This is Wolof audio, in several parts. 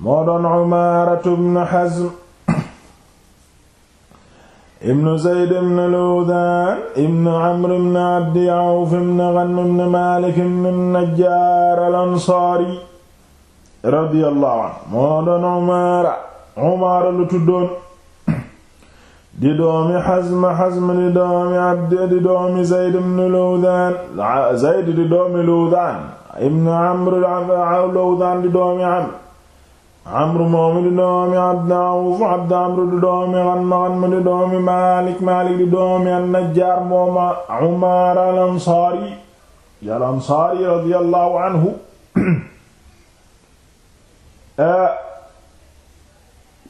moo doon Umaaratu ibnu Hazm ibnu Zayd ibnu Lawdaan ibnu Amr ibnu Abdi Awf ibnu Ghanm ibnu Maalik ibnu Najjaar al-Ansaari radiyallahu anhu moo doon Umaara Umaara lu tuddoon di doomi Hazm Hazm di doomi Abdi di doomi Zayd ibnu Lawdaan Zayd di doomi Lawdaan ibnu Amr Lawdaan di doomi Amr amru moomu di doomi abd awf abd amru di doomi xanma xanma di doomi maalik maalik di doomi annajjaar mooma umaar al ansaari al ansaari radiyallahu anhu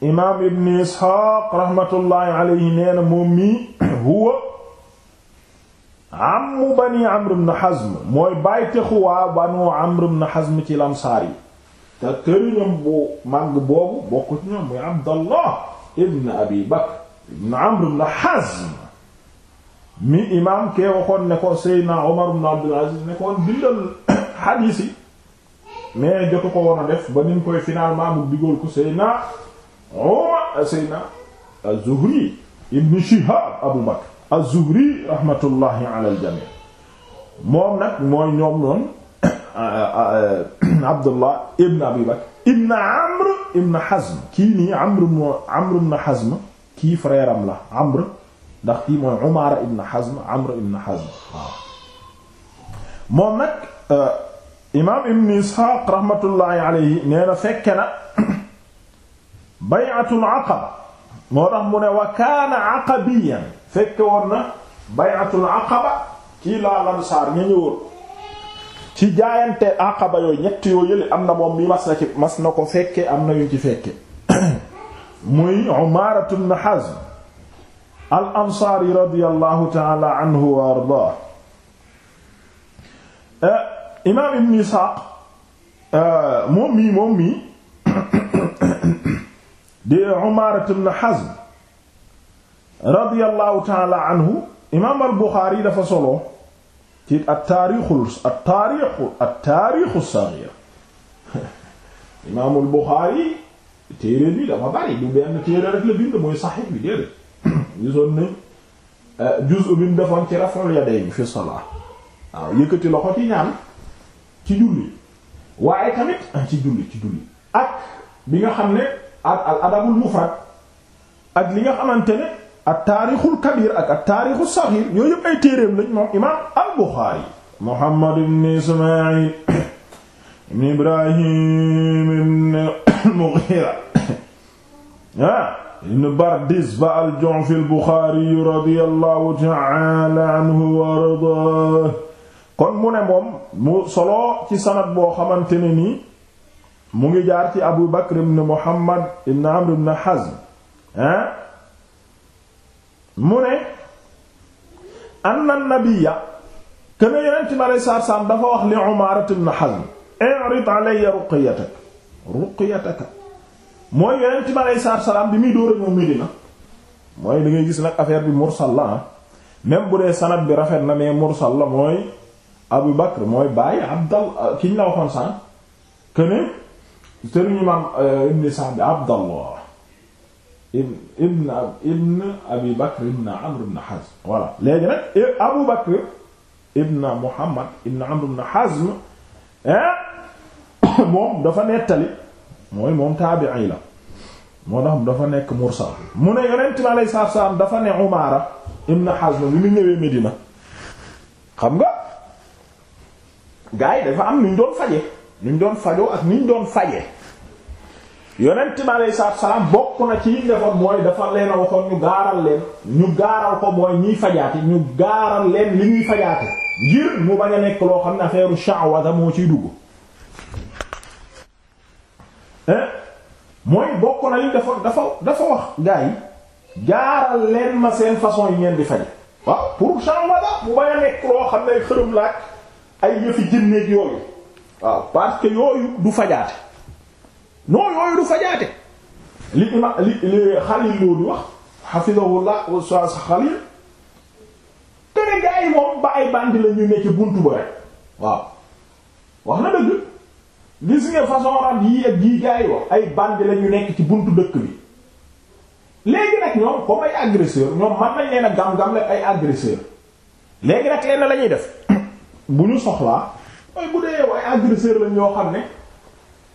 imaam ibn isxaaq raxmatullaahi alayhi nee na moom mii huwa ammu bani amr ibn hazm mooy bàytexu waa banu amr ibn hazm ci lamsaar yi te këriñam bu màgg boobu bokk ñoom muy Abdallah ibn Abi Bakr ibn Amr ibn Hazm mi imaam kee waxoon ne ko Seydina Omar ibn Abdul Aziz ne ko woon bindal xadiis jotu ko woon def ba nim koy finalement mu digool ko Seydina Omar Seydina az ibn Shihab Abu Bakr az-Zuhri ala al-jami' moom nag mooy ñoom noonu Abdullah ibn Abi Bakr ibn Amr ibn Hazm kii nii Amr Amr ibn Hazm kii frère am la Amr ndax kii mooy Umaara ibn Hazm Amr ibn Hazm waaw moom nag euh, imaam ibn Isxaaq rahmatullahi alayhi nee na fekke na bay'atul aqaba moo tax mu ne wa kaana aqabiyan fekke woon na bay'atul aqaba kii laa lamsaar ña ñëwoon ci jaayante àqaba yooyu ñett yoo yële am na moom mi mas na ci mas ko fekke am na yu ci fekke muy Umaaratu ibn Hazm al ansaari radiyallahu taala anhu wa ardaa eh, imaam ibn Isaaq eh, moom mii moom mii di Umaaratu radiyallahu taala anhu imaam al Buxaari dafa solo ci at-taarixul at-taarixu at-taarixu saxiir imaamul Buxaari téere bi dafa bari du benn téere rek la bind mooy saxiix bi déedéet gisoon nañ euh, juz'u bi mu defoon ci raf'ul yadayn fi salaa waaw yëkkati loxo ci ñaan ci julli waaye tamit ah, ci julli ci julli ak bi nga xam ne al adabul mufrad ak li nga xamante ne ak taarixul kabir ak ak taarixul saxiir yooyu yëpp ay téereem lañ moom imaam al Buxaari Muhammad ibn Ismaayil ibn Ibrahim ibn al-Mughira ah, ibn Bardizba al-Ju'fi al-Buxaari radiyallahu ta'ala anhu wa ardaahu kon mu ne moom mu solo ci sanad boo xamante ne nii mu ngi jaar ci Abu Bakr ibn Muhammad ibn Amr ibn Hazm ah mu ne anna nabiyya kena yonent bi alei dafa wax li Umaarat ibn Hazm i'rid alayya ruqyataka ruqyataka mooy yonent bi alei bi muy dóor ak mooy da ngay gis nag affaire bi mursal la ah. même bu dee sanad bi rafet na mais mursal la mooy Abu Bakr mooy bàyyi Abdallah ki la waxoon sànq que ne sëriñ imam euh, ibn Sa'd Abdallah ibn ibn ibn Abi Bakr ibn Amr ibn Hazm voilà léegi nag Abu Bakr ibn Muhammad ibn Amr ibn Hazm moom dafa nettali mooy moom taabi'i la moo tax dafa nekk mursal mu ne yonent bi alayhi salaatu salaam dafa ne Umaara ibn Hazm bi mu ñëwee Medina xam nga gars yi dafa am nuñ doon faje nuñ doon fajoo ak nuñ doon faje yonent bi aleyhi salaatu salaam bokk na ci yi defoon mooy dafa leen a waxoon ñu gaaral leen ñu gaaral ko mooy ñiy fajaate ñu gaaral leen li ñuy fajaate ngir mu bañ a nekk loo xam ne affaire sha'waza moo ciy dugg. Eh? mooy bokk na li dafa dafa dafa wax gaa gaaral leen ma seen façon yi ngeen di faje waaw pour sha'waza mu bañ a nekk loo xam ne xërëm laaj ay yëfi jinne yooyu waaw parce que yooyu du fajaate. non yooyu du fajaate li ima li li Xalil loolu wax hafizahullah sa Xalil kene gaa yi moom ba ay bandi la ñu nekk buntu ba rek wax na dëgg gis nga yi wax ay bandi la ñu nekk ci bunt dëkk bi léegi nag ñoom comme ay agresseur ñoom mën nañ leen a gam-gam ay agresseur léegi nag leen la def bu ñu soxlaa mooy bu dee yow ay lañ yoo xam ne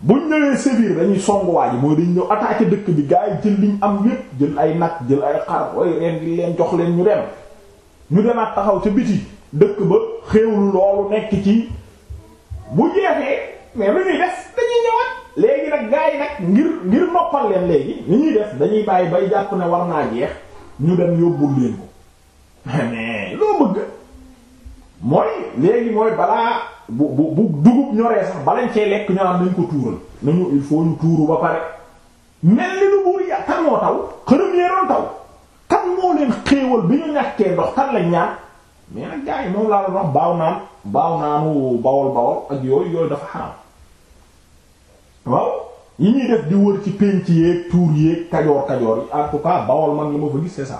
buñ ñëwee sévir dañuy songuwaay ji mooy dañ ñëw attaquer dëkk bi gars yi jël liñ am yépp jël ay nag jël ay xar way reen gi leen jox leen ñu dem ñu demaat taxaw ca biti dëkk ba xéewlu loolu nekk ci bu jeexee mais lu ñuy def dañuy ñëwaat léegi nag gars nag ngir ngir noppal leen léegi li ñuy def dañuy bàyyi bay jàpp ne war naa jeex ñu dem yóbbul leen ko loo bëgg mooy léegi mooy balaa bu bu bu dugub ñoree sax balañ cee lekk ñu am nañ ko tuural nañu il faut ñu tuuru ba pare mel ni lu buur ya kan moo taw xërëm yeenoon taw kan moo leen xéewal bi ñu ñàkkee ndox kan lañ ñaan mais nag gars moom laa la wax baaw naan baaw naanu bawol bawol ak yooyu yooyu dafa xaram waaw yi ñuy def di wër ci pénc yeeg tuur yeeg kajoor kajoor yi en tout cas bawol man li ma fa gis c'est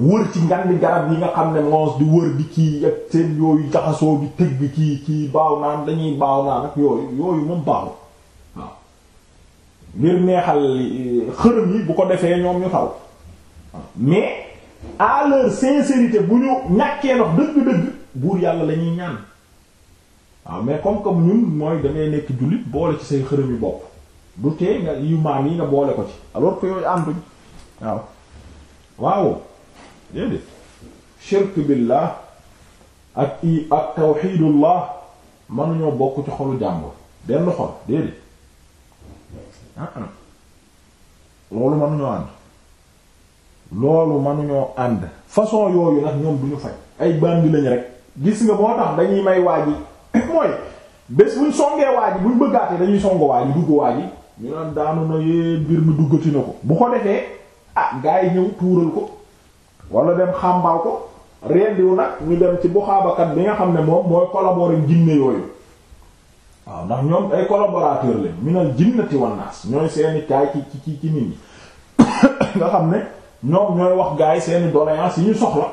wër ci ngan garab yi nga xam ne moos di wër di ci ak seen yooyu jaxasoo bi tëg bi kii kii baaw naan dañuy baaw naan ak yooyu yooyu moom baaw waaw ngir neexal eh, xërëm yi bu ko defee ñoom ñu taw mais à leur sincérité bu ñu ñàkkee ndox dëgg-dëgg buur yàlla la ñuy ñaan waaw mais comme comme ñun mooy dangay nekk jullit boole ci say xërëm yi bopp du tee nga yu maam yi nga boole ko ci alors que yooyu ànduñ waaw waaw déedéet shirk billah ak i ak tawxidullah mënuñoo bokk ci xolu jàmbur benn xol déedéet ah ah loolu mënuñoo ànd loolu mënuñoo ànd façon yooyu nag ñoom duñu faj ay bandi lañ rek gis nga moo tax dañuy may waaji mooy bés buñ songee waaji buñ bëggaatee dañuy songo waaji dugg waaji ñu naan daanu na yee mi duggati ko bu ko defee ah gaa yi ñëw tuural ko wala dem xàmbaaw ko rendiw nag ñu dem ci bu buxaabakat bi nga xam ne moom mooy collaborer jinne yooyu waaw ndax ñoom ay collaborateur lañ minal jinnati wan naas ñooy seeni kaay ci ci ci nit ñi nga xam ne ñoom ñooy wax gars yi seeni doléance yi ñu soxla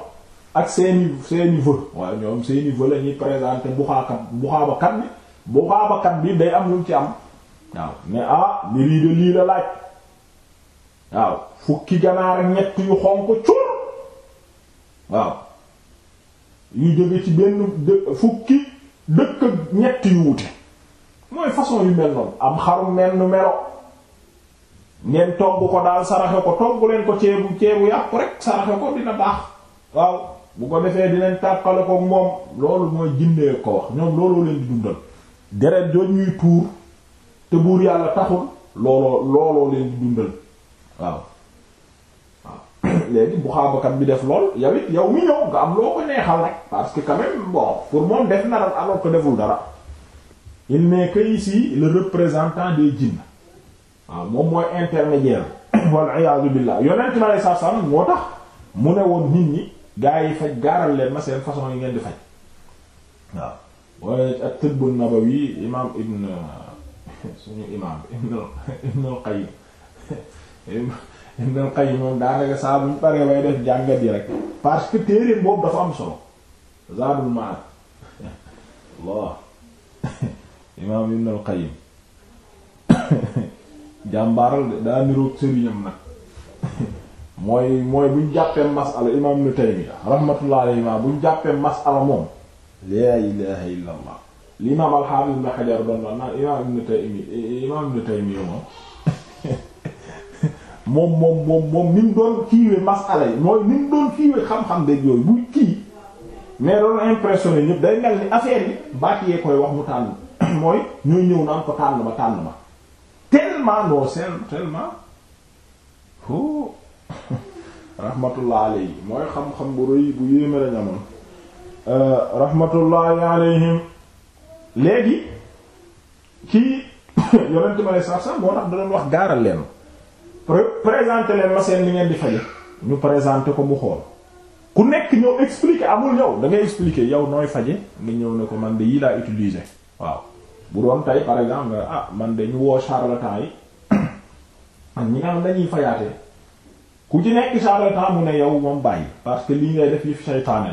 ak seeni seeni vœu waaw ñoom seeni vœu la ñuy présenter buxaakat buxaabakat bu buxaabakat bi day am lu ci am waaw ne ah lii de lii la laaj waaw fukki ganaar ñett yu xonk cuur waaw yu jóge ci benn fukki dëkk ak ñett yu wute mooy façon yu mel noonu am xarum mel nu melo ngeen togg ko daal saraxe ko togg leen ko ceebu ceebu yàpp rek saraxe ko dina baax waaw bu ko defee dinañ tàqale ko moom loolu mooy jindee ko wax ñoom looloo leen di dundal deret jooj ñuy tuur te buur yàlla taxul looloo looloo leen di dundal waaw léegi muxaabakat bi def lool yow it yow mi ñëw nga am loo ko neexal rek parce que quand même bon pour moom def na alors que deful dara il n'est que ici le représentant des djinns waaw ah, moom mooy intermédiaire wal iyaadu billah yonent mi aleyhi salaatu moo tax mu ne woon nit ñi gaa yi faj gaaral leen ma seen façon yi ngeen di faj waaw mooy at-tibb an-nabawi imaam ibn suñu imaam ibn al-qayyim Ibn Qayyim moom daanaka saa bu ñu paree way def jàngat yi rek parce que téereem boobu dafa am solo Zaadul Ma'aad Allah imaam Ibn al-Qayyim jàmbaaral de daa niroog sëriñam nag mooy mooy buñ jàppee masala imaam Ibn Taymiyya rahmatullah alayhi ma buñ jàppee masala moom laa ilaaha illallah li imaam al-Haafiz Ibn Hajar doon naan imaam Ibn Taymiyya imaam Ibn Taymiyya moom moom moom moom moom ni mu doon kiiwee masala yi mooy ni mu doon kiiwee xam-xam beeg yooyu buy kii mais doon impressionné ñëpp day mel ni affaire yi baat yee koy wax mu tànn mooy ñuy ñëw naan ko tànn ma tànn ma tellement non seen tellement oh rahmatullah alayhi euh, alayhim léegi kii yonent ma ne sax sax moo tax da doon wax gaaral leen. présenter leen ma seen li ngeen di faje ñu présenter ko mu xool ku nekk ñoo expliquer amul yow da ngay expliquer yow nooy faje nga ñëw ne ko man de yii laa utiliser waaw bu doon tey par exemple nga ah man de ñu woo charlatan yi ak ñi nga xam dañuy fayaatee ku ci nekk charlatan mu ne yow moom bàyyi parce que li ngay def yi fi la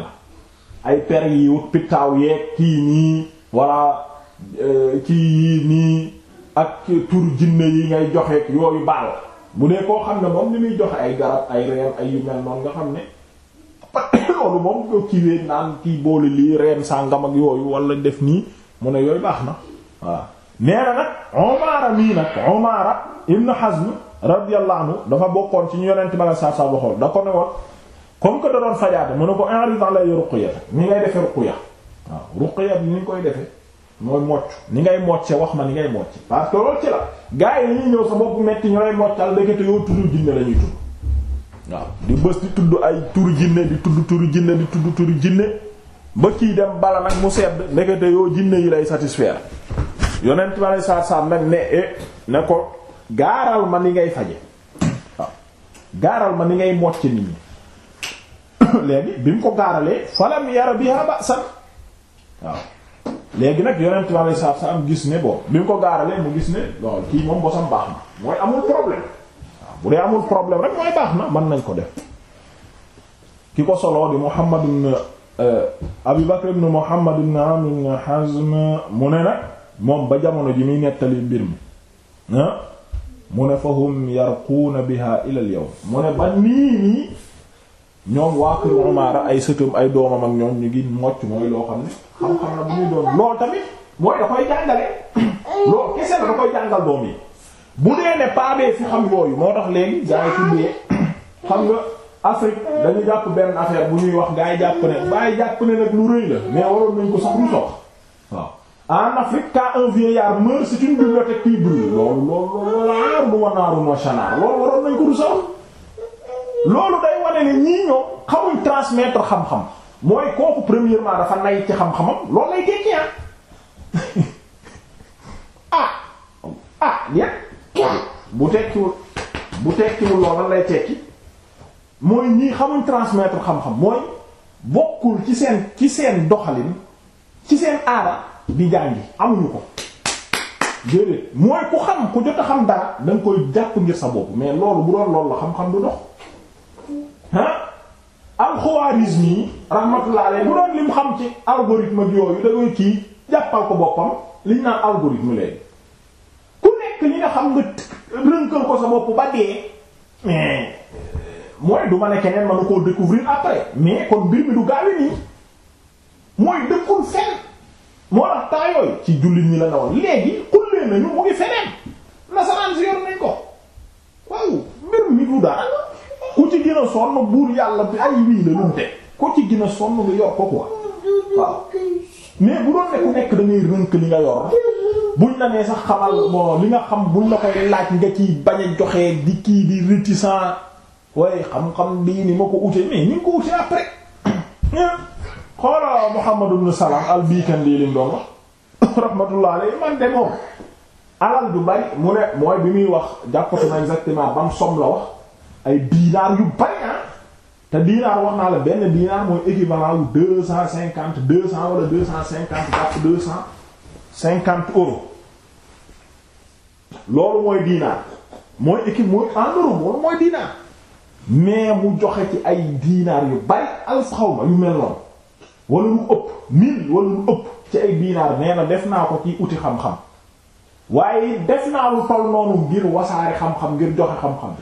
ay per yi wut piktaaw kii nii walla euh, kii yii nii ak tur jinne yi ngay joxeek yooyu baal bu dee koo xam ne moom ni muy joxe ay garab ay reen ay yu mel noonu nga xam ne loolu moom ko kiiwee naan kii boole lii reen sàngam ak yooyu wala def nii mu ne yooyu baax na waaw nee na nag Umaara mii nag Umaara ibn Hazm radiyallahu anhu dafa bokkoon ci ñu yonent ba la saa saa waxoon da ko ne woon comme que da doon fajaate mu ne ko enritan lay ruqya ni ngay defe ruqya waaw ruqya bi ni ñu koy defe mooy mocc ni ngay mocce wax ma ni ngay mocce parce que loolu ci la gars yi dañuy ñëw sa bopp metti ñu lay moccal dëkkate yoo tudd jinne la tudd waaw di bës di tudd ay turu jinne di tudd turu jinne di tudd turu jinne ba dem bala nag mu sedd ndekete yoo jinne yi lay satisfaire yonent ma lay saar-saam nag ne e ne ko gaaral ma ni ngay faje gaaral ma ni ngay mocce nit ñi léegi bi mu ko gaaralee falam yara biha ba'san waaw léegi nag yonent bi alayhi salaatu salaam gis ne bon bi mu ko gaaralee mu gis ni lool kii moom bosam baax na mooy amul problème waaw bu dee amul problème rek mooy baax na mën nañ ko def ki ko soloo di Muhammad ibn euh, Abi Bakr ibn Muhammad ibn Hazm mu ne nag moom ba jamono ji muy nettali mbir mi ah, mu ne fahum yarquuna biha ila al mu ne ba nii nii ñoom waa kër Umaara ay sëtam ay doomam ak ñoom ñu ngi mocc mooy loo xam ne xam-xam la bu ñuy doon loolu tamit mooy da koy jàngale loolu kese la da koy jàngal doom yi bu dee ne paabee fi xam yooyu moo tax léegi gaa yi tuddee xam nga Afrique dañu jàpp benn affaire bu ñuy wax gaa yi jàpp ne bàyyi jàpp ne nag lu rëy la mais waroon nañ ko sax lu sox waaw en Afrique quand un vieillard meurt c'est une bibliothèque qui brûle loolu loolu loolu loolu loolu loolu loolu loolu loolu loolu day wane ne ñii ñoom xamuñ transmettre xam-xam mooy kooku premièrement dafa nay ci xam-xamam loolu lay tekki ah ah yéen ah, bu tekkiwul bu tekkiwul loolu lay tekki mooy ñii xamuñ transmettre xam-xam mooy bokkul ci seen ci seen doxalin ci seen aada di jàngi amuñu ko. déedéet mooy ku xam ku jot a xam dara da koy jàpp ngir sa bopp mais loolu bu doon loolu la xam-xam du dox. ah al-Khwarizmi rahmatullah alayhi bu doon lim xam ci algorithme bi yooyu da ngay kii jàppal ko boppam liñ naan algorithme léegi ku nekk li nga xam nga rënkal ko sa bopp ba dee mais euh, mooy du ma ne keneen mënu koo découvrir après mais kon mbir mi du gaawi nii mooy dëkkul fen moo tax temps ci jullit ñi la ne woon léegi xullee nañu mu ngi feneen nasaraan si yor nañ ko waaw mbir mi du dara ku ci gina a sonn buur yàlla bi ay wii la lu mu teg ku ci gën sonn nga yor ko quoi mais bu doon ne ku nekk da rënk li nga yor buñ la nee sax xamal bon li nga xam buñ la koy laaj nga ci bañ a joxee di kii di réticent waaye xam-xam bii ni ma ko ute mais ni ko ute après xoola Muhammad ibn Salam al Bikandi liñ doon wax rahmatullah alayhi man de moom alal du bari mu ne mooy bi muy wax jàppatu na exactement bam wax ay dinaar yu bari ah te dinaar wax naa la benn dinaar mooy équivalent wu deux cent cinquante deux cent wala deux cent cinquante jàpp deux cent cinquante euros loolu mooy dinaar mooy équipe mooy en euro loolu mooy dinaar mais mu joxe ci ay dinaar yu bari alf xaw ma yu mel noonu wala lu ëpp mille wala lu ëpp ci ay dinaar nee na def naa ko ci uti xam-xam waaye def naa lu toll noonu ngir wasaare xam-xam ngir joxe xam-xam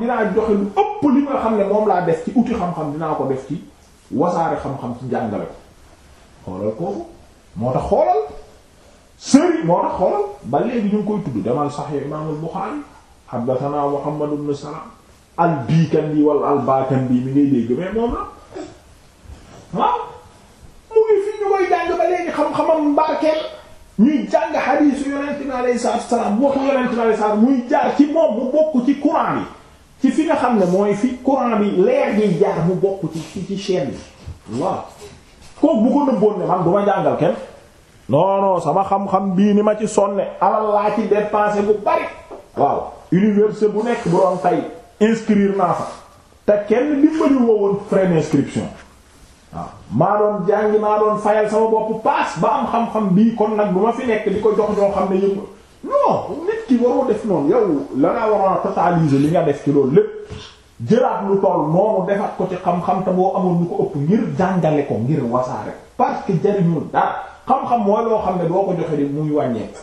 dinaa joxe lu ëpp li nga xam ne moom laa def ci outil xam-xam dinaa ko def ci wasaare xam-xam ci jàngale ko xoolal kooku moo tax xoolal sëriñ moo tax xoolal ba léegi ñu ngi koy tudd demal Sahih Imaamul Buxaari haddathana Muhammad sa Salaam al Bikandi wala mi ngay dégg mais moom mu ngi fi ñu koy jàng ba léegi xam-xamam mbarkeel ñuy jàng xadiisu Yonent bi alayhi salaatu wa salaam waxu Yonent bi alayhi salaam muy jaar ci moom mu bokk ci Quraan yi ci fi nga xam ne mooy fi courant bi leer gi jaar mu bokk ci ci chaîne bi waaw kooku bu ko nëbboon ne man du jàngal kenn non sama xam-xam bii ni ma ci sonne alal laa ci dépensé bu bari waaw université bu nekk bu doon tay inscrire naa fa te kenn dimbali woo woon frais d'inscription waaw maa doon jàngi maa doon fayal sama bopp paas ba am xam-xam bii kon nag bu ma fi nekk di ko jox ñoo xam ne yëpp non nit ki waroo def noonu yow la ngaa waroon a totaliser li nga def ci loolu lépp jëraat lu toll moomu defaat ko ci xam-xam te boo amoon lu ko ëpp ngir jàngale ko ngir wasaare parce que jariñul dara xam-xam mooy loo xam ne boo ko joxe di muy wàññeeku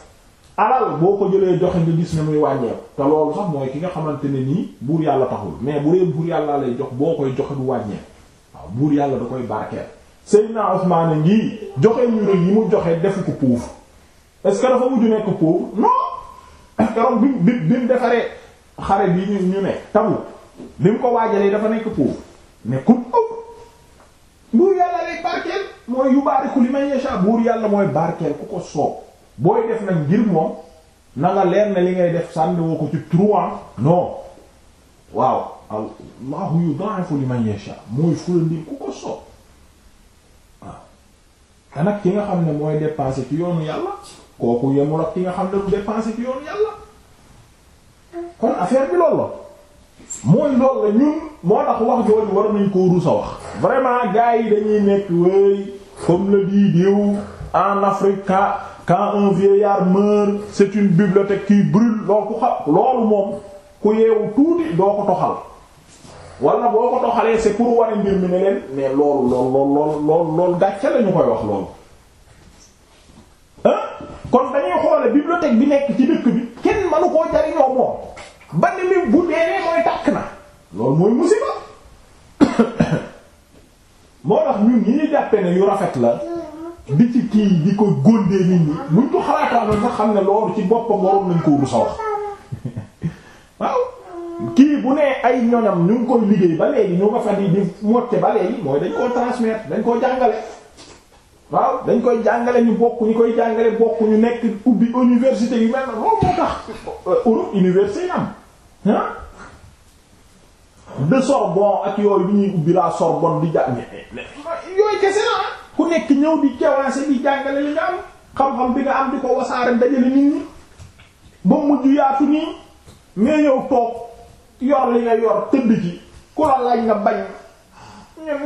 alal boo ko jëlee joxe nga gis ne muy wàññeeku te loolu sax mooy ki nga xamante ne nii buur yàlla taxul mais bu dee buur yàlla lay jox boo koy joxe du wàññeeku waaw buur yàlla da koy barkeel Seydina Usmaan ngi joxe ñu yi mu joxe defu ko puuf est-ce que dafa mujj nekk pauvre non keroog bi bi bi mu defaree xare bi ñu ñu ne tamu bi mu ko waajalee dafa nekk pauvre nekkul pauvre buur yàlla lay barkeel mooy yu baariku li may yasha buur yàlla mooy barkeel ku ko soob booy def nag ngir moom na nga leer na li ngay def sànni ko ci trois non waaw allahu yudaa'ifu li man yasha mooy fulandi ku ko soob waaw te nag ki nga xam ne mooy dépenser ci yoonu yàlla kooku yemul ak ki nga xam ne du dépenser ci yoonu yàlla kon affaire bi loolu la mooy loolu la ñun moo tax wax jooju war nañ koo rusa wax vraiment gars yi dañuy nekk wéy comme le dit en Afrique quand un vieillard meurt c'est une bibliothèque qui brûle loolu ku xam loolu moom ku yeewu tuuti doo ko toxal wala boo ko toxalee c'est pour wane mbir mi ne leen mais loolu loolu loolu loolu loolu gàcce koy wax loolu kon dañuy xoole bibliothèque bi nekk ci dëkk bi kenn manu koo jariñoo moom ba ni mi bu deewee mooy takk na loolu mooy musiba moo tax ñu ngi ñu jàppe ne yu rafet la bi ci kii di ko góndee nit ñi buñ ko xalaataanoon sax xam ne loolu ci boppam waroon nañ ko rusa wax waaw kii bu nee ay ñoñam ñu ngi koy liggéey ba léegi ñu nga fa di di mocce ba léegi mooy dañ koo transmettre dañ koo jàngale waaw dañ koy jàngale ñu bokk ñu koy jàngale bokk ñu nekk ubbi université yu mel na loolu moo tax euh, Europe université yi am ah de Sorbonne ak yooyu bi ñuy ubbi la Sorbonne di jàng yooyu kese la ku nekk ñëw bi jawaase di jàngale li nga am xam-xam bi nga am di ko wasaare dajale nit ñi ba mujj yaatu nii mais ñëw toog yor li nga yor tëdd ci ku la laaj nga bañ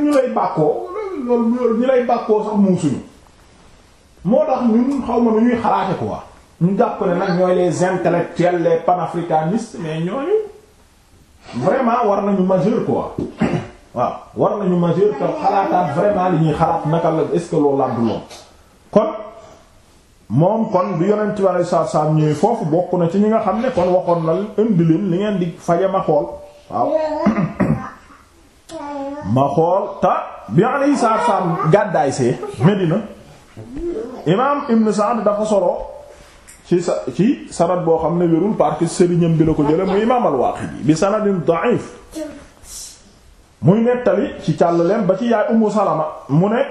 ñu lay bàkkoo loolu loolu ñi lay bàkkoo sax muusuñu moo tax ñun xaw ma nu ñuy xalaate quoi ñu jàpp ne nag ñooy les intellectuels les panafricanistes mais ñooñu vraiment war nañu majeur quoi waaw war nañu majeur te xalaataat vraiment li ñuy xalaat naka la est-ce que lool kon moom kon bi yeneen bi alei saatu salaam ñëwee foofu bokk na ci ñi nga xam ne kon waxoon na indi li ngeen di faje ma xool waaw ma xool te bi alayhi salaatu salaam gàddaay see Medina imaam Ibn Sa'd dafa solo ci sa ci sanad boo xam ne wérul parce que sëriñam bi la ko jële mu imaam al-Waaqidi bi sanadin da'if muy nettali ci càllaleem ba ci yaay Ummu Salama mu ne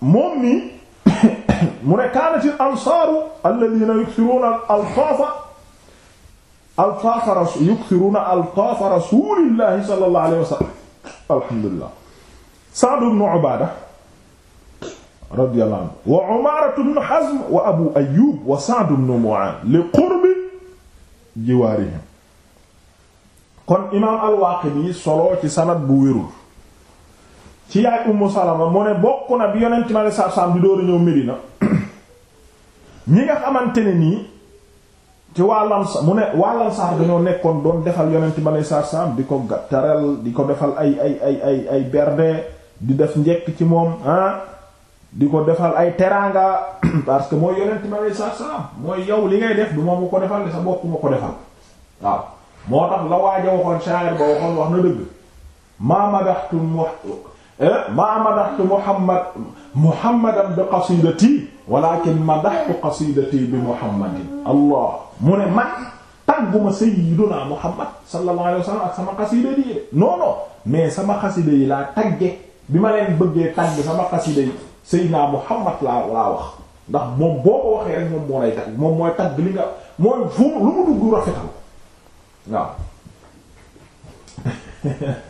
moom nii mu ne kaanat ansaaru alladhiina yuksiruuna al-alfaafa alfaafa yuksiruuna alfaafa rasuulillahi sallallahu alayhi wa sallam alhamdulilah Sa'd ibn Ubaada radiyallahu anhu wa Umaara ibn Hazm wa Abu Ayyub wa Sa'd ibn Mu'aan li qurbi jiwaarihim kon imaam al-Waaqidi solo ci sanad bu wérul ci yaay Ummu Salama mu ne bokk na bi yonent mi sallallahu alayhi wasallam di door ñëw Medina ñi nga xamante nii ci wàllan sa mu ne wàllan saar dañoo nekkoon doon defal yonent bi alei saatu salaam di ko teral di ko defal ay ay ay ay berde di def njekk ci moom ah di ko defal ay teraanga parce que mooy yonent bi alei saatu salaam mooy yow li ngay def du moom mu ko defal ne sa bopp ma ko defal waaw moo tax la waaja waxoon shaayir ba waxoon wax na dëgg maa madaxtu mu eh, maa madaxtu Muhammad muhammadan bi qasidati walakin madaxtu qasidati bi muhammadin allah mu ne man tagguma sayyiduna muhammad sallallahu alayhi wa sallam ak sama xasida yi mais sama xasida yi laa tagge bi ma leen bëggee tagg sama xasida yi naa muhammad laa laa wax ndax moom boo ko waxee rek moom moo lay tagg moom mooy tagg li nga mooy fu lu mu dugg rafetal waaw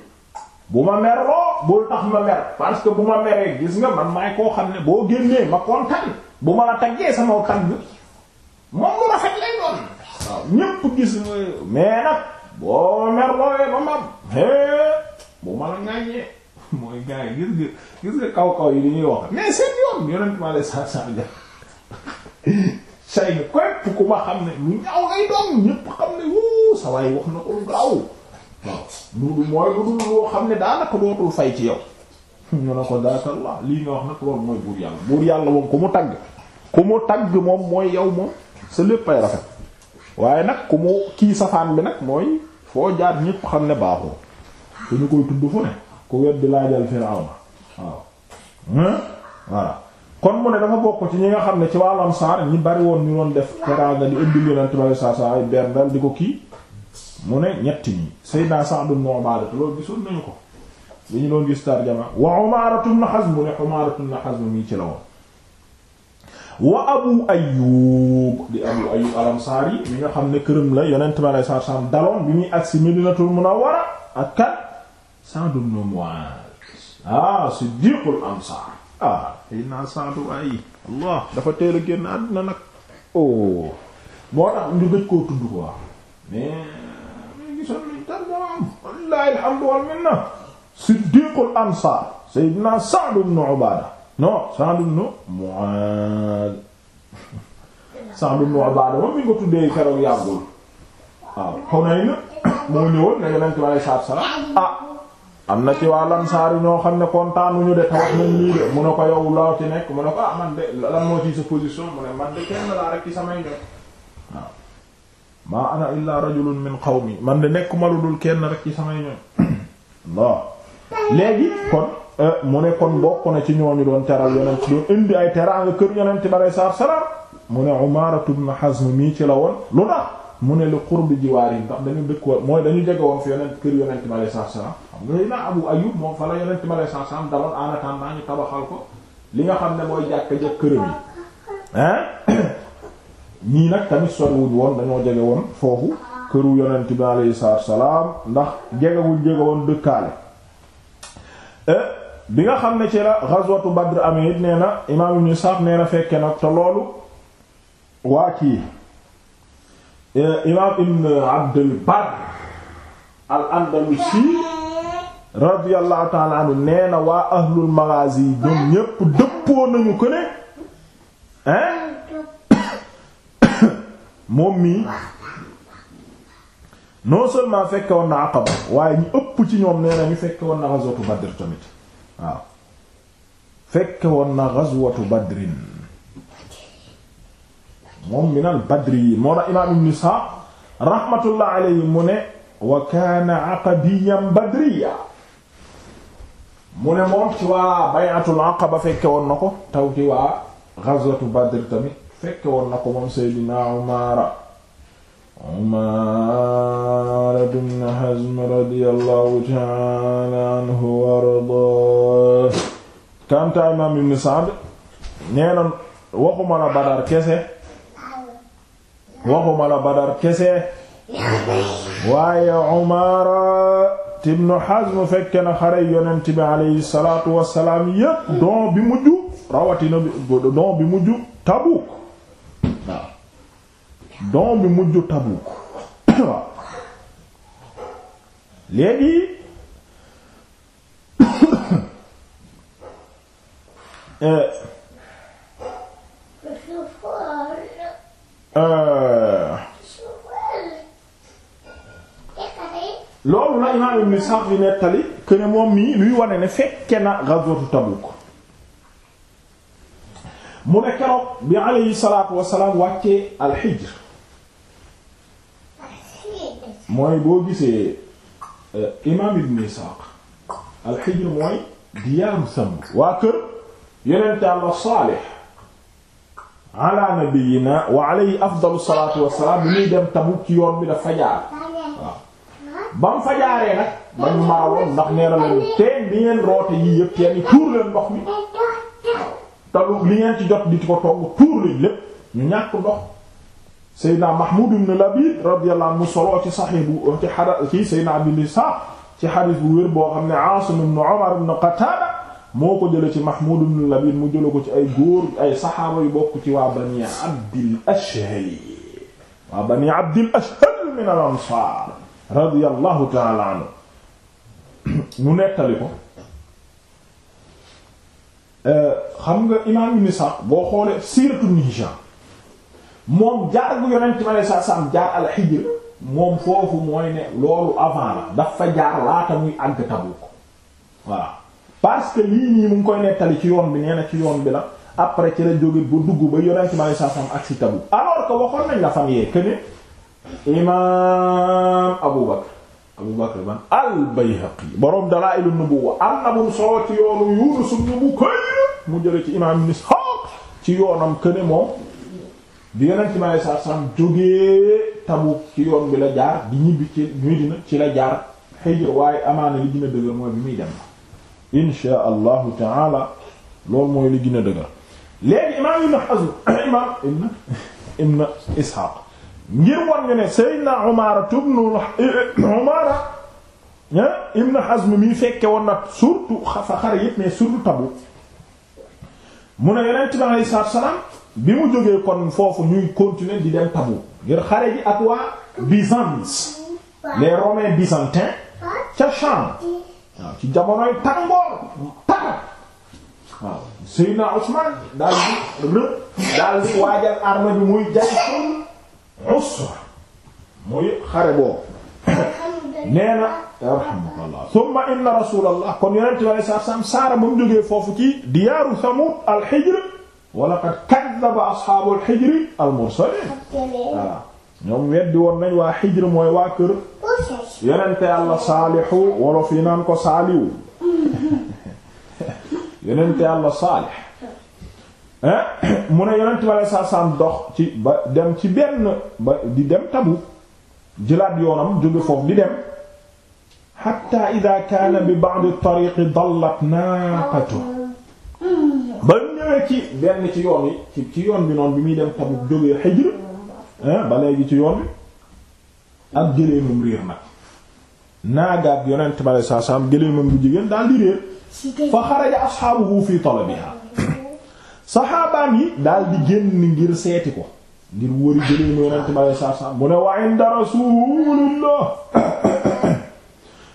bu ma merloo bul tax ma mer parce que boo ma meree gis nga man maay koo xam ne boo génnee ma kontaan bu ma la sama tagg moom lu rafet lay doon boo ma la ngàññee mooy gars yi gis nga gis nga kaw-kaw yi li ñuy wax mais seen ma la sa sa ja say na képp ku ma xam ne lu ñaaw lay doon ñépp xam ne wu sa waay wax na ko lu gaaw waaw loolu mooy lu dul loo xam ne daanaka dootul fay ci yow ñu ne ko daakalla lii nga wax nag loolu mooy buur yàlla buur yàlla moom ku mu tagg ku mu tagg moom mooy yow moom sa lépp rafet waaye nag ku mu kii safaan bi nag mooy foo jaar ñépp xam ne baaxoo ku ñu koy tudd fu ne ku weddi laajal Firawna waaw kon mu ne dafa bokk ci ñi nga xam ne ci wàllam saar ñi bari woon ñu doon def teraanga di indi yonent bi sallallahu alayhi wasallam berndal di ko kii mu ne ñetti ñi Seydina Sa'd ibn Ubaada loolu gisoon nañu ko li ñu doon gis tarjama wa Umaaratu ibn Hazm mu ne Umaaratu ibn ci la woon wa Abu Ayyub di Abu Ayyub al-Ansari mi nga xam ne këram la yonent bi alayhi salaatu salaam daloon bi muy agsi Madinatul Munawwara a kat Sa'd ibn Mu'aaz ah Siddiqul Ansaar ah Seydina Sa'd ay Allah dafa teel a génn àddina nag oh moo tax ñu koo tudd quoi mais gisoon nañ dara moo am wallaahi alhamdu wal minna siddiqul ansaar seydina Sa'd ibn Ubaada non Sa'd ibn Mu'aaz Sa'd ibn Ubaada moom mi nga tuddee keroog yàggul waaw Hunayn moo ñëwoon ne Yonent bi alayhi salaatu salaam ah am na ci waa lansaar yi ñoo xam ne kontaanuñu de tawax nañ nii de mu ne ko yow loo ci nekk mu ne ko ah man de lan moo ci sa position mu ne man de kenn laa rek ci samay ñoom waaw maa ana illa rajulun min qawmi man de nekkuma lu dul kenn rek ci samay ñoom Allah léegi kon euh, mu ne kon bokk na ci ñooñu doon teral yonent doon indi ay teraanga kër yonent bi aleyhi salaatu wa salaam mu ne Umaaratu ibn Hazm mii ci la woon mu ne li qurbi jiwaar yi ndax dañu dëkk woon mooy dañu jege woon yonent kër yonent bi aleyhi salaatu wa salaam xam nga naa Abu Ayyub moom fa la yonent bi aleyhi salaatu wa salaam daloon en attendant tabaxal ko li nga xam ne mooy jàkka jëkkëram yi ñii nag tamit soriwuñ woon dañoo jege woon foofu këru yonent bi alayhi salaam ndax jegewuñ jege woon dëkkaale eh, bi nga xam ne ci la ghazwatu Badr amee nee na imaam Ibn Sa'd nee na fekke nag te loolu waa kii eh, imaam Ibn Abdul Barr al-Andalusi radiyallahu ta'ala nee na waa ahlul maghazi ñoom ñépp dëppoo nañu ko ne moom mii non seulement fekke woon na Aqaba waaye ñu ëpp ci ñoom nee na ñu fekke woon na ghazwatu Badr tamit waaw fekke woon na ghazwatu Badrin moom minal Badri moo na imaam Ibn Ishaq rahmatullah alayhi mu ne wa kaana aqabiyyan badriya mu ne moom ci waa bay'atul Aqaba fekke woon na ko taw ci waa ghazwatu Badr tamit fekke woon na ko moom Seydina Umaara Umaara ibn Hazm radiyallahu ta'ala anhu wa ardaa kantaa imaam ibn Sa'd nee na waxuma la Badar kese waaye Umaara ibn Hazm fekke na xare yonent bi alayhi salaatu wassalaam yépp don bi mujj rawatina don bi mujj Tabuk doom bi mujj Tabuk waaw léegi euh, euh, loolu la imaam Ibn Sa'd nettali que moom mii luy wane ne fekke na ghazwatu Tabuk mu ne keroog bi alayhi salaatu wassalaam wàccee al mooy boo gisee euh, imaam ibn Isaaq al mooy diyaaru Samb waa kër yonent Yàlla Saalih ala nabiyyina wa alayhi afdalu salaatu wassalaam bi muy dem Tabuk ci yoon bi daf fa jaar waaw ba mu fa jaaree nag dañu maawoon ndax nee na teen bi ngeen roote yii yëpp teen yi tuur leen ndox mi te li ngeen ci jot di ko togg tuur lañ lépp ñu ñàkk ndox Seydina Mahmoud ibn Labid radiyallahu anhu soloo ci saxiix bu ci xada ci Seydina Abi Ishaq ci xadis bu wér boo xam ne Aasim ibn Umar ibn Qatada moo ko jële ci Mahmoud ibn Labid mu jële ko ci ay góor ay saxaaba yu bokk ci waa Bani Abdil Ashhal waa Bani Abdil Ashhal min al Ansaar radiyallahu ta'ala anhu mu nettali ko euh, xam nga imaam ibn Ishaq boo xoolee siiratu Ibn Hishaam moom jaar bu yonent ma ne jaar alxijr moom foofu mooy ne loolu avant la dafa jaar laata muy àgg Tabuk voilà parce que lii nii mu ngi koy nettali ci yoon bi nee na ci yoon bi la après ci la jóge ba dugg ba yonent ma ne saa saam ak si Tabuk alors que waxoon nañ la fan yee que imaam Abu Bakr Abu Bakr ban al-Bayhaqi borom Dalaa'ilun Nubuwwa am na bu solo ci yoonu Yunus ibn Bukayr mu jële ci imaam Ibn Ishaq ci yoonam que moom. bi yonent bi alei satu salaam jógee Tabuk ci yoon bi la jaar di ñibbi ci Medina ci la jaar Hijr waaye amaana li gën a dëgër mooy bi muy dem na insha allahu mooy li gën a dëgër léegi ngir war nga ne Seydina Umaara ibn Umaara Ibn Hazm mi fekke woon nag surtout xare yépp mais surtout Tabuk mu ne yonent bi alei satu bi mu jógee kon foofu ñuy continuer di dem Tabouk ngir xare ji ak waa Byzance les romains byzantins ca Sham ci jamonoy tàngoor tar waaw Seydina daal di rë daal bi muy jayshul usra muy xare boobu nee na yarhamukallah inna rasulallah kon yonente bi sallallahu alayhi wasallam saara ba mu jógee foofu ci diyaaru Samud al-Hijr wala qad kaddaba asxaabul xijri al mursaliin voilà ñoom weddi woon nañ waa xijri mooy waa kër yonente yàlla saalihu wolof yi naan ko saaliwu yonente yàlla saalih eh? mu ne yonente bi dox ci ba dem ci benn ba di dem tabu jëlaat yoonam jóge foofu di dem hatta ida kaana bi ba'd at-tariiq dallat naaqatu ñëwee ci benn ci yoon yi ci yoon bi noonu bi muy dem Tabuk jógee Hijr ba léegi ci yoon bi ak gëléemam réer nag naagaat yonent bale saa saam bu jigéen daal di réer fa xaraja ashaabuhu fi talabiha saxaabaan yi daal génn ngir seeti ko ngir wëri gëléemu yonent bale saa saam mu ne wa inda rasulullah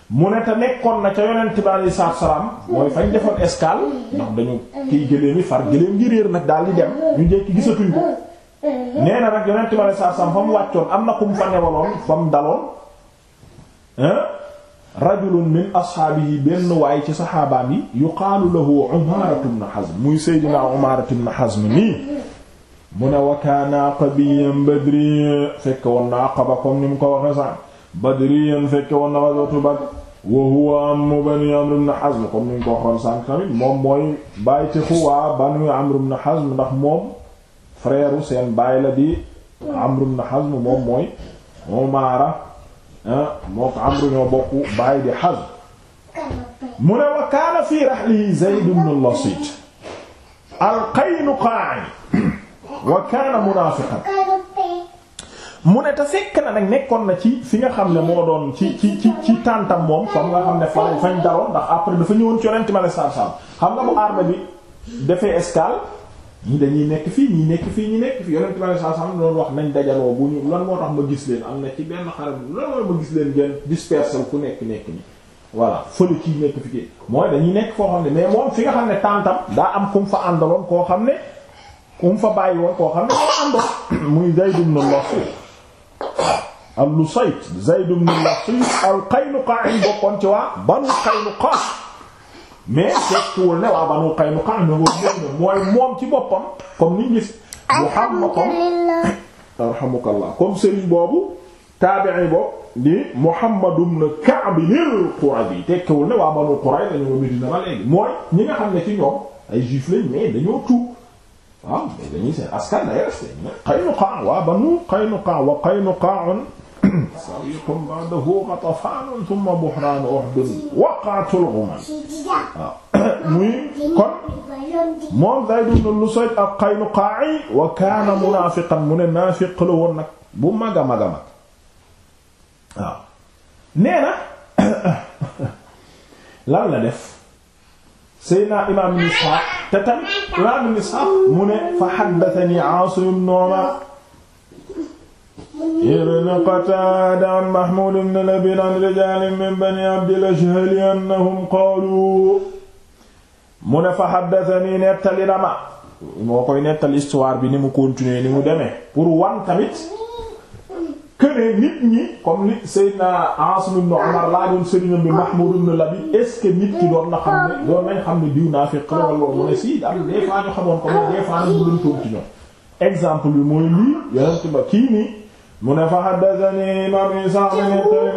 mu ne te nekkoon na ca yonent bi aleyhi salaatu salaam mooy fañ defoon escale ndax dañu kiy gëléem yi far gëléem gi réer nag daal di dem ñu jekki gisatuñ ko nee na nag yonent bi aleyhi salaam fa mu wàccoon am na ku fa newaloon fa mu daloon rajulun min ashaabihi benn waay ci saxaabaam yi yuqaalu lahu Umaaratu bnu Hazm muy Seydinaa Umaaratu bnu Hazm nii mu ne wa kaana aqabiyyan badri fekk woon na Aqaba comme ni mu ko waxe sax badriyan fekke woon na ghazwatu Badr wa huwa ammu bani Amr ibn Hazm comme ni ñu ko waxoon sànq tamit moom mooy bàyyi ci xuwaa banu Amr ibn Hazm ndax moom frère seen baay la di Amr ibn Hazm moom mooy Umaara ah, moo ko Amr ñoo bokk baay di Hazm mu ne wa kaana fii rahlihi Zayd ibn Lasit al-Qaynuqaa'i wa kaana munaafiqan mu ne te fekk na nag nekkoon na ci fi nga xam ne moo doon ci ci ci ci tàntam moom comme nga xam ne fa fañ daroon ndax après dafa ñëwoon ci yonent ma la saab saab xam nga bu arme bi defee dañuy nekk fii ñi nekk fii ñu nekk fii yonent ma la saab saab wax nañ dajaloo bu ñu lan moo tax ma gis leen am na ci benn xare lan ma gis leen ngeen dispersé ku nekk nekk nii voilà fële kii nekk fi kii mooy dañuy nekk koo xam ne mais moom fi nga xam ne tàntam daa am ku fa àndaloon koo xam ne ku fa bàyyi woon koo xam ne muy àndoon muy Zayd ibn Lahd am lu sayt Zayd ibn Latif al-Qaynuqaa'i bokkoon ci waa Banu Qaynuqaa mais tekkiwul ne waa Banu Qaynuqaa ñoo ngi mooy moom ci boppam comme ni gis. Muhammad arhamukallah comme Serigne boobu taabi'i boobu di Muhammad ibn Ka'b al-Quradi tekkiwul ne waa Banu Qurayza la ñu Medina ba léegi mooy ñi nga xam ne ci ñoom ay juif lañ mais dañoo tuub. waaw mais dañuy seen askan la yàlla seen Qaynuqaa Banu Qaynuqaa wa Qaynuqaa sariiqun ba'dahu ghatafaanun thumma buhraanu uhdun waqa'atul ghumaan waaw muy kon moom Zayd ibn Lusayt al-Qaynuqaa'i wa naafiq la woon nag bu mag a la def Seydina Imaam Ibn Isxaaq te tamit Imaam Ibn Isxaaq fa haddathanii Aasim ibn Umar ibn Qataada an Mahmuud ibn Labiid an rijaalin min banii Abdil Ashhal annahum qaalu mu ne fa haddathanii nettali na ma moo koy nettali histoire bi ni mu continuer ni mu deme pour wan tamit kënee nit ñi comme nit Aasim ibn Umar laajoon sëriñam bi Mahmuud ibn Labiid est-ce nit ki doon na xam ne doon nañ xam ne diw mu ne sii daal des fois ñu xamoon ko mais des mu doon tontu ñoom exemple bi mooy lii yonent ba kii mu ne fa haddathani imam Isaaq nettali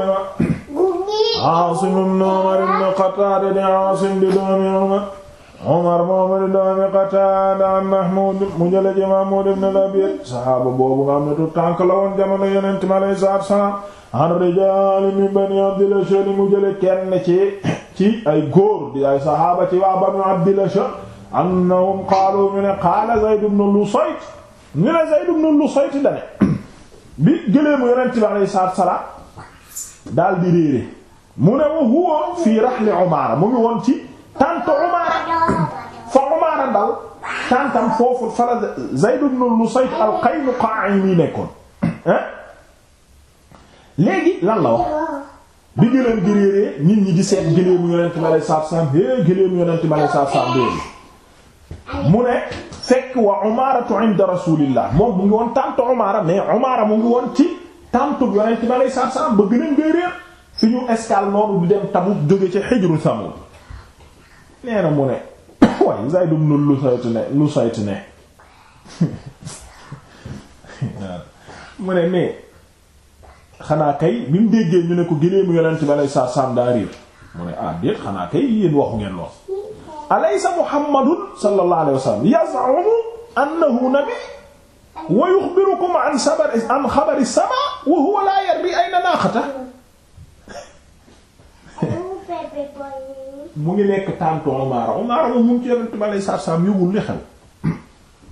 Aasim ibn Umar ibn Qataada di Aasim di doomi Umar Umar moom di doomi Qataada an Mahmuud mu jële ci Mahmuud ibn Labiid saxaaba boobu nga xam ne tout tànk la woon jamono Yonent mi alayhi salaatu salaam an rijaal min bani Abdil Ashhal mu jële kenn ci ci ay góor di ay saxaaba ci waa banu Abdil Ashhal annahum qaalu ñu ne qaala Zayd ibn Lusayt ñu ne Zayd ibn Lusayt dane bi gëléemu yonent bi alayhi salaatu wasalaam daal di réere mu ne wa huwa fii rahli Umaara mu ngi woon ci tànt Umaara fa Umaara dal tàntam foofu fa la Zayd ibn Lusayt al-Qaynuqaa'i mi nekkoon eh? léegi lan la wax bi gëléem gi réeree nit ñi di seet gëléemu yonent bi alayhi salaatu wasalaam é gëléemu yonent bi alayhi salaatu wasalaam mu ne fekk wa umaratu inda rasulillah moom mu ngi woon tàntu umara mais umara mu ngi woon ci tàntu yonent bi alei satu bëgg nañ ngay réer fi ñu escale noonu di dem Tabuk jóge ci xijru Samud nee na mu ne waaye Zayd ibn Lusayt ne Lusayt ne mu ne mais xanaa kay bi mu déggee ñu ne ko géléemu yonent bi alei satu daa réer mu ne ah xanaa kay yéen waxu ngeen lool alaysa muhammadun sallallahu alayhi wa sallam yaz'umu annahu nabi wa yukhbirukum an sabar an xabari sama wa huwa la yarri ayna naqata mu ngi nekk tàntu Umar Umar mu ngi ci yonent bi alayhi salaatu salaam yëgul li xew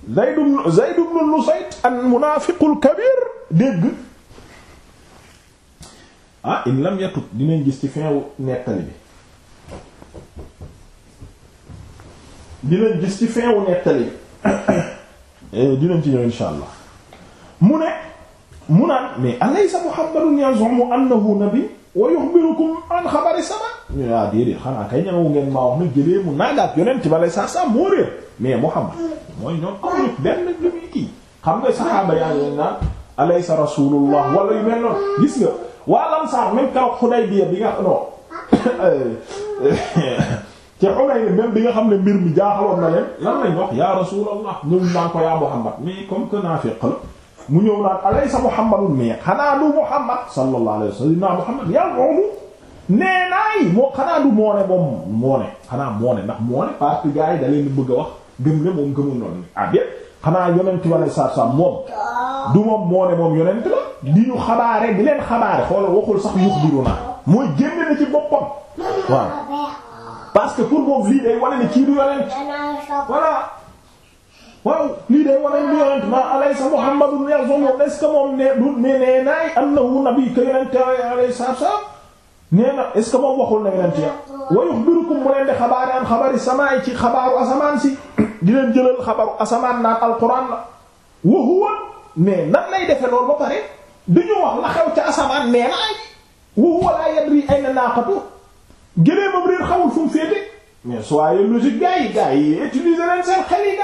Zayd ibn Zayd ibn Lusayt al munaafiqul kabiir dégg ah in lam yatub dinañ gis ci fin nettali bi dinañ gis ci feewu nettali eh, dinañ ci ñëw insha allah mu ne mu naan mais alaysa muhammadun yazumu annahu nabi wa yukhbirukum an xabari sama ñu ne ah déedéet xanaa kay ñamewu ngeen maa wax na jëlee mu naagaat yonent ba lay sa saa moo réer mais mu mooy ñoom amul xam nga saxaaba yaa ngi naan alaysa rasulullah wala yu mel noonu gis nga waa lamsaar même kaw Hudaybiya bi nga non eh, eh, ci Hunayn même bi nga xam ne mbir mi jaaxaloon na leen lan lañ wax ya rasulallah ñëw naan ko ya Muhammad mais comme que naafiq la mu ñëw naan alaysa Muhammadun mais xanaa du Muhammad sallallahu alayhi wa sallam naa Muhammad yàlla moomu nee naay moo xanaa du moo ne moom moo ne xanaa moo ne ndax moo ne parce que gars yi da leen bëgg a wax gëm ne moom gëmul noonu ah bien xanaa yonent wala saab saab moom ah. du moom moo ne moom yonent la di ñu xabaare di leen xabaare xoolal waxul sax yuxbiruna mooy génne na ci boppam waaw parce que pour moom lii day wane ne kii du lii day wane ne du yonent ma alaysa Muhammadun yazum est-ce que moom nabi que yonent alayhi salaam nee na est-ce que moom waxul na yonent ya ah? wa yukhbirukum jëlal xabaru asamaan naan alquran la wa huwa mais nan lay defe loolu ba pare dañu wax la xew ca asamaan nee naay wa huwa la yadri ayna naqatu gënee moom réer xamul fu mu féete mais soyez logique gars yi gars yi utiliser leen seen xel yi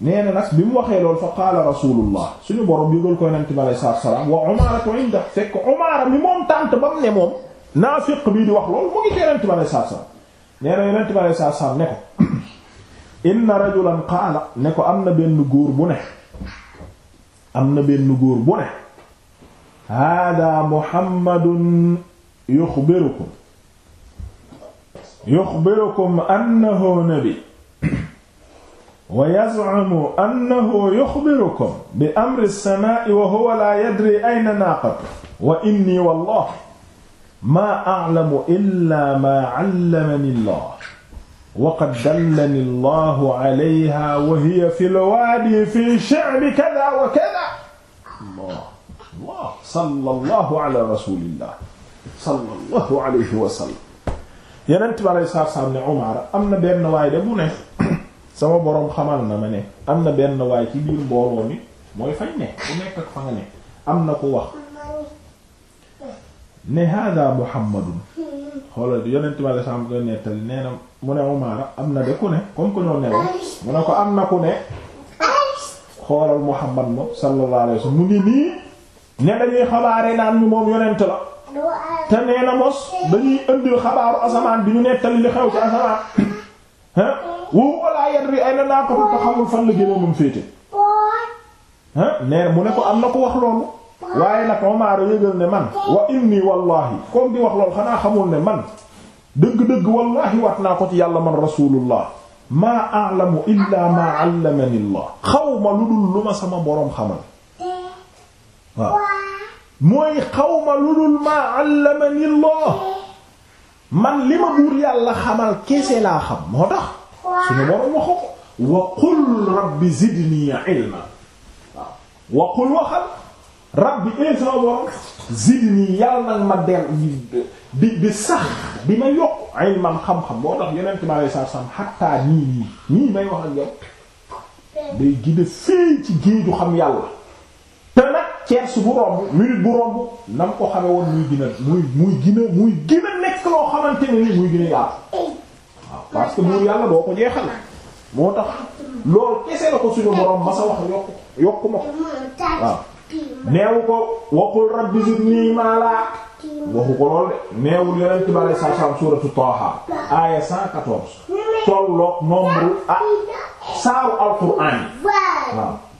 nee na nag bi mu waxee lool fa qaala rasulullah suñu borom yëgal ko yonent bi alayhi i wa salaam wa Umaaratu inda fekk Umaara mi moom tànt ba ne moom naafiq bii di wax loolu mu ngi ci yonent bi alayhi salaatu wa salaam nee na yonent bi alayhi salaatu wa salaam ne ko. inna rajulan qaala am na benn góor bu ne am na benn góor bu ne hada muhammadun yuxbirukum yuxbirukum annahu nabi wa yaz'amu annahu yuxbirukum bi amri as-samaa'i wa huwa laa yadri ayna naaqatu wa inni wallahi maa a'lamu illaa maa 'allamani Allah wa qad dallani Allahu 'alayha wa hiya fil waadi fi shi'bi kadhaa wa kadhaa Allah Allah sallallahu 'alaa rasuulillah sallallahu 'alayhi wa sallam yeneen tubaab yi saabsaab ne Umar am na benn waay de mu ne sama boroom xamal na ma ne am na benn waay ci biir mbooloo mi mooy fay ne bu nekk ak fa nga ne am na ku wax ne hada Muhammadun xoolal yeneen tubaab yi saabsaab koy nettali nee na mu ne Umar am na de ku ne comme que ñoo newoon mu ne ko am na ku ne xoolal Muhammad moom sallallahu alayhi mu ngi nii ne dañuy xabaare naan ñu moom yonent la. te nee mos dañuy indil xabaaru asamaan bi ñu nettali li xew ci asamaan ah wóobu wala yadri ay na naa ko te xamul fan la gënoon mu féete ah nee mu ne ko am na ko wax loolu. waaye nag Omar yëgal ne man wa inni wallahi comme di wax loolu xanaa xamul ne man dëgg-dëgg wallahi wat naa ko ci yàlla man rasulullah maa a'lamu illa maa 'allamani xaw ma lu dul lu ma sama boroom xamal waaw. mooy xawma lu dul maa allamani Allah man li ma buur yàlla xamal kese laa xam moo tax suñu borom waxu ko wa qul rabbi zidni ilma waaw wa qul waxal rabbi ee eh, sama borom zidni yàlla nag ma del di di sax di ma yokk ilman xam-xam moo tax yonent ma lay saar sam xattaa nii nii nii may wax ak yow day gide fii ci géeju xam yàlla te nag ceers bu romb minute bu romb na mu ko xame woon muy gën a muy muy muy gën a nekk loo xamante muy gën a waaw parce que buur yàlla doo ko jeexal moo tax loolu kese la ko suñu borom masa wax yokk ma ko waaw neewu ko waxul rabbi zidni mala waxu ko lool de neewul yeneen tibale sa sam suratu Taha aya 114 tolloog nombre ah saaru alquran waaw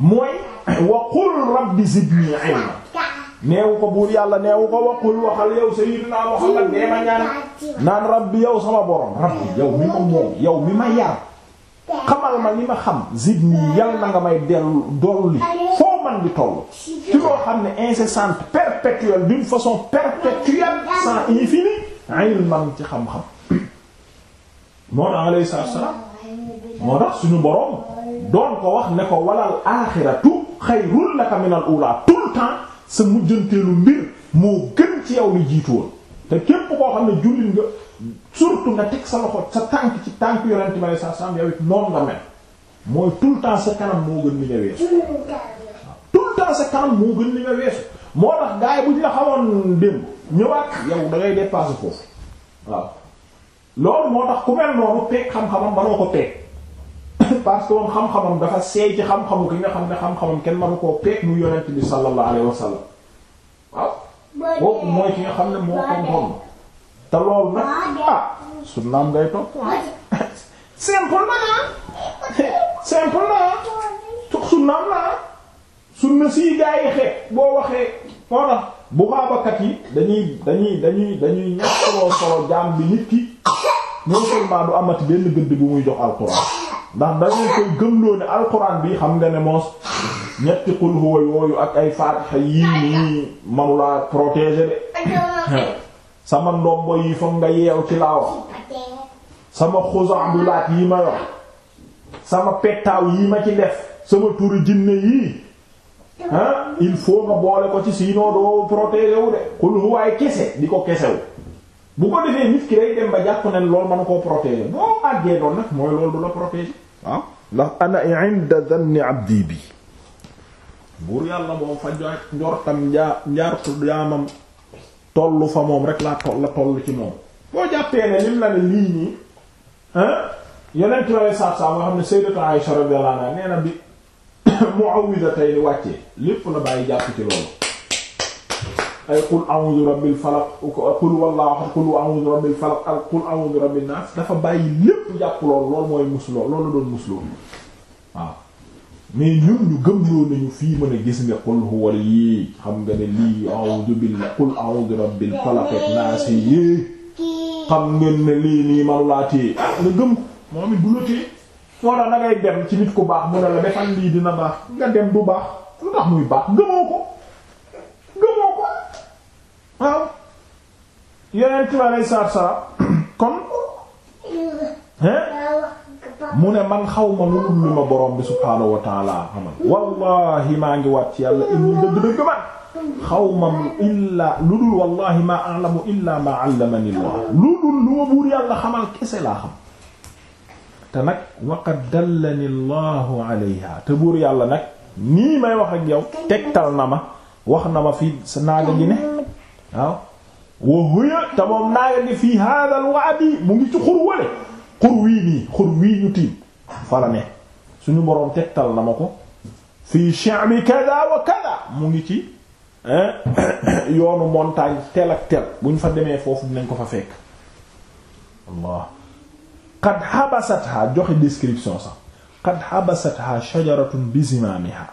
mooy wa qul rabbi zidni ilma neewu ko buur yàlla neewu ko wa qul waxal yow sayyidina Muhammad nee ma ñaan naan rabbi yow sama borom rabbi yow mi ma moom yow mi ma yar xamal ma li ma xam zidni yal na nga may dellu dolli foo man di toll ci loo xam ne incessante perpétuelle d'une façon perpétuelle sans infini ilman ci xam-xam moo tax alayhi salaam moo tax suñu borom doon ko wax ne ko walal aaxiratu xayrul laka minal ula tout le temps sa mujjanteelu mbir moo gën ci yow li jiitu woon te képp koo xam ne jullit nga surtout nga teg sa loxo sa tànk ci tànk yonent bi sa sam yow it noonu nga mel mooy tout le temps sa kanam moo gën li nga weesu tout le temps sa moo gën li nga weesu moo tax gars bu ñu la xamoon démb ñëwaat yow da ngay dépasser waaw loolu moo tax ku mel noonu peeg xam-xamam banoo ko peeg parce que moom xam-xamam dafa seey ci xam-xamu ki nga xam ne xam-xamam kenn manu koo peeg mu yonent bi sallallahu alayhi wa mooy ki nga xam ne moo xam-xam te loolu nag ah sunnaam ngay si gaa yi xeet boo waxee bu xaabakat yi dañuy dañuy dañuy dañuy solo solo jaam bi nit ki non seulement du amati benn gëdd bu muy jox alquran ndax dañu koy gëmloo ne alquran bi xam nga ne moos ñetti qul yooyu ak ay faatiha yii nii manula protéger de sama ndombo yi foog nga yeew ci laa wax sama xusaan bu laat yi ma yor sama pettaaw yi ma ci def sama turu jinne yii ah il faut nga boole ko ci sinon doo protéger wu de qul ay kese di ko kesew bu ko defee nit ki day dem ba jàpp ne loolu mën na koo protéger boo àggee doon nag mooy loolu du la protéger waaw ndax ana inda dhanni abdi bi buur yàlla moom fa njortam njaa njaartu jaamam tollu fa moom rek laa toll la ci moom boo jàppee ne lim la ne lii nii yeneen trois cent cent nga xam ne Sayyidatu Aisha radiyallahu anha nee na bi mu'awwidatayn wàccee lépp la bàyyi jàpp ci loolu ay qul a'udhu rabbil falaq qul wallahu qul a'udhu rabbil falaq ak qul a'udhu rabbin nas dafa bàyyi lépp jàpp lool lool mooy musloo loolu la doon musloo waaw mais ñun ñu gëmloo nañu fii mën a gis nga qul huwa yii xam nga ne lii a'udhu billah qul a'udhu rabbil falaq ak nas ne lii nii manulaatee ah, nga gëm ko moom it du la téye moo tax da dem ci nit ku baax mu ne la defal lii dina baax nga dem du baax lu tax muy baax gëmoo ko waaw yonent bi aleyhi salaatu salaam mu ne man xaw ma lu dul li ma borom bi subhaanahu wa taala xamal wallahi maa ngi waat ci yàlla inni dëgg-dëgg man xaw ma illaa lu dul wallahi maa a'lamu illaa maa 'allamani Allah lu dul lu ma buur yàlla xamal kese laa xam te nag waqad dallani Allahu alayha te buur yàlla nag nii may wax ak yow tegtal na ma wax na ma fii sa naaga gi ne waaw wa huya te moom naaga fii hada al waadi mu ngi ci xur wale xur wii nii xur wii ñu tiim fala ne suñu boroom na ma ko fii sha'bi kada wa kada mu ngi ci yoonu montagne tel ak tel buñ fa demee foofu dinañ ko fa fekk qad habasatha joxe description sax qad habasatha shajaratun bi zimaamiha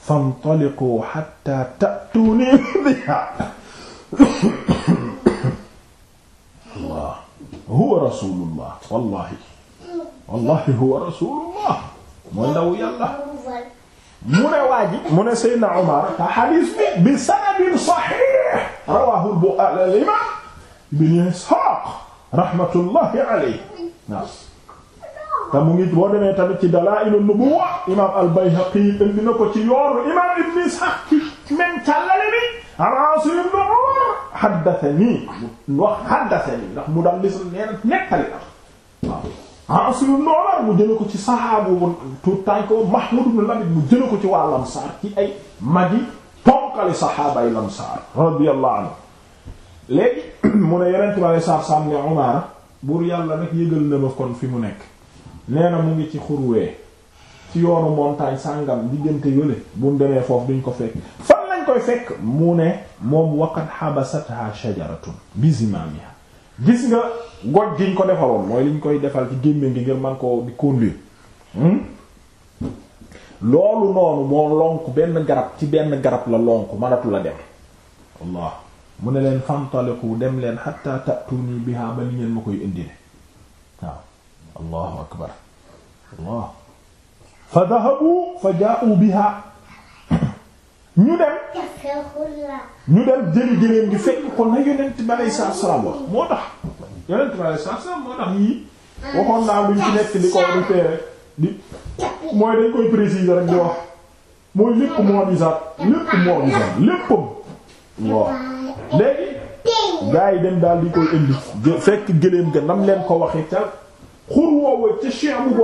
fantaliqu hatta ta'tuni biha allah huwa rasulullah wallahi wallahi huwa rasulullah mooy ndaw yàlla mu ne waa ji mu ne Seydina Umar ta xadiis bi bi sanadin saxiix rawaahu al-imaam ibn Isxaaq rahmatullahi alayhi waaw te mu ngi boo demee tamit ci Dalaa'il an-Nubuwwa imaam al-Bayhaqi indi na ko ci yoonu imaam ibn Isxaaq ci men càllale bi an Aasim ibn Umar xaddasani mu wax xaddasani ndax mu dal lis neen nettali na waaw ah, Asim ibn Umar mu jële ko ci saxaabu bu tànk ko Mahmud ibn Labid mu jële ko ci waa Lamsaar ci ay magi ponkali saxaabay Lamsaar radiyallahu anhu léegi mu ne yonent bi alei satu salaam ne Umar buur yàlla nag yëgal na kon fi mu nekk nee mu ngi ci xurwee ci yoonu montagne sàngam diggante yële bu mu demee foofu duñ ko fekk ngeen fekk mu ne moom waqat habasatha shajaratun bi zimamiha gis nga goj giñ ko defaroon mooy liñ koy defal ci gémmiñ gi ngir man di conduire hmm? loolu noonu moo lonk benn garab ci benn garab la lonk manatu la dem allah mu ne leen fantaliku dem leen hatta tatuni biha ba li ma koy indi ne akbar allah fa dhahabu biha ñu dem ñu dem jëli gëléem di fekk ko na yonent bi aleyhi salaatu salaam moo tax yonent bi aleyhi salaatu salaam moo tax yii waxoon naa luñ ci nekk di ko référé di mooy dañ koy préciser rek di wax mooy lépp moo di sax lépp moo di sax léppam waaw léegi gaa yi dem daal di koy indi fekk gëléem ga nam leen ko waxee ca xur woowu ca chien bu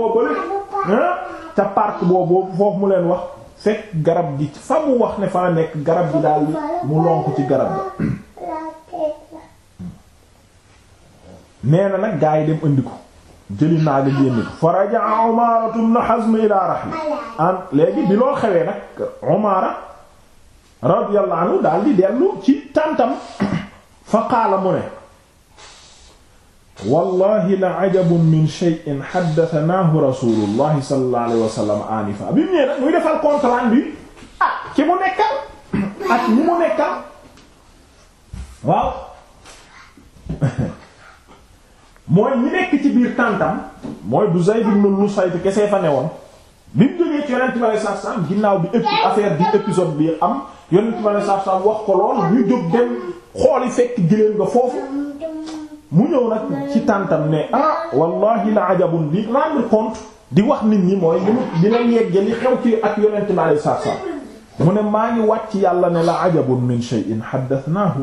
boobu foofu mu leen wax fekk garab gi fa mu wax ne fa nekk garab gi daal mu lonk ci garab ga nee na nag gaa yi dem andi ko jëli naa nga génne ko fa rajaa Umaaratu ibn Hazm ilaa Rahma an léegi bi loo xewee nag Umaara radiyallahu anhu daal dellu ci tàntam fa qaala mu ne wallahi la ajabun min shay'in haddathanaahu rasulullahi sallallahu alayhi wa anifa bi mi ñëwee nag muy defal compte bi ah ci mu nekkal waaw mooy ñi nekk ci biir tàntam mooy du Zayd ibn Lusayt kese fa newoon bi mu jógee ci yonent bi sallallahu alayhi wa sallam ginnaaw bi épi affaire bi épisode bi am yonent bi sallallahu wax ko lool ñu jóg dem xooli fekk jëleen nga foofu mu ñëw nag ci tàntam ne ah wallahi la ajabun bi rendre compte di wax nit ñi mooy li mu dina yegge li xew ci ak yonent bi alayhi salaatu mu ne maa ngi wàcc yàlla ne la ajabun min shay'in haddathnaahu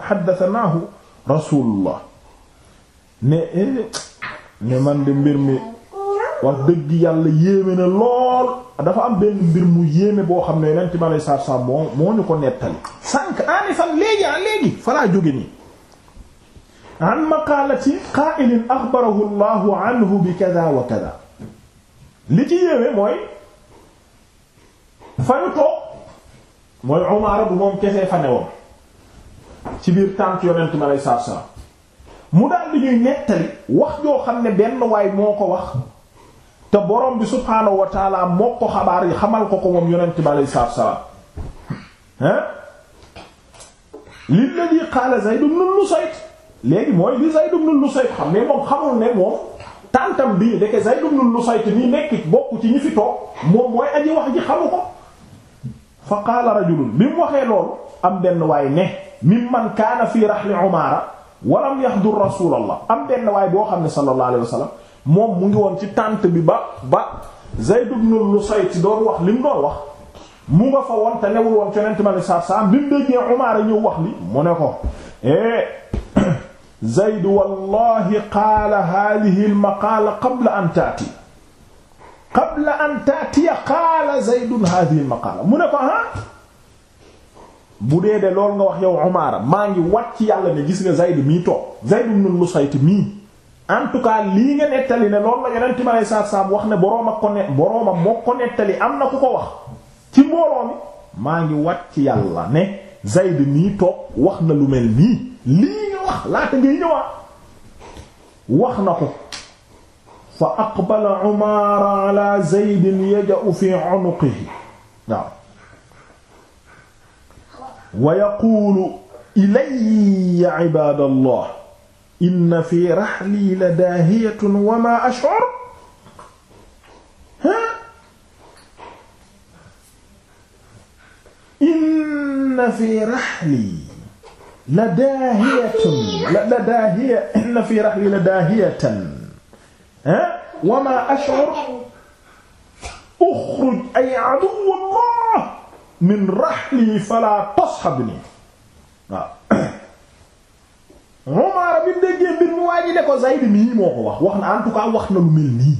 haddathanaahu rasulullah ne eh, ne man de mbir mi wax dëgg yàlla yéeme na lool dafa am benn mbir mu yéeme boo xam ne yonent bi alayhi salaatu moo moo ñu ko nettali. sànq aani fan léegi ah léegi fa jóge nii. an maqaalati qaa'ilin axbarahu Allahu anhu bi kaza wa kaza li ci yéeme mooy fa ñu toog mooy Umaara bu moom kese fa ne woon ci biir tànt yonent ma mu daal di ñuy nettali wax joo xam ne benn waay moo ko wax te boroom bi subhaanahu wa taala moo ko xabaar yi xamal ko ko moom yonent ma lay saabsaab ah. lilladi qaala Zayd ibn Lusayt léegi mooy li Zayd ibn Lusayt xam ne moom xamul ne moom tàntam bii ndeke Zayd lu Lusayt nii nekk bokk ci ñi fi toog moom mooy aji wax ji xamu ko fa qaala rajulun bi mu waxee loolu am benn waay ne man kaana fii rahli Umaara walam yahdur rasulallah am benn waay boo xam ne sallallahu alayhi wa sallam moom mu ngi woon ci tànt bi ba ba Zayd ibn Lusayt doon wax li mu doon wax mu nga fa woon te woon Yonent mi sallallahu alayhi wa bi mu déggee Umaara ñëw wax li mu ne ko eh, Zayd wallahi qaala haadihi al-maqaala qabla an taati qabla an taatiya qaala Zaydun haadihi al mu ne ko ah bu dee de loolu nga wax yow Umaara maa ngi wat ci yàlla ne gis nga Zayd mii toog Zayd ibn Lusayt mii en tout cas lii nga nettali ne loolu la yeneen time saab saab wax ne boroom ak ko ne boroomam moo ko nettali am na ku ko wax ci mbooloo mi maa ngi wat ci yàlla ne Zayd mii toog wax na lu mel nii lii nga wax laata ngay ñëwaat wax na ko fa aqbala Umaara ala Zayd yaja'u fi unuqihi waaw wa yaquulu ilayya ibaadallah inna fi raxli la daahiyatun wa maa ash'ur inna fi raxli la daahiyatan la daahiya inna fi rahli la daahiyatan ha wa ma ash'ur ukhruj ay aduwwu Allah min rahli fala tashabni waaw Umar bi déggee mbir mu waa ji ne ko Zayd mii moo ko wax wax na en tout cas wax na lu mel nii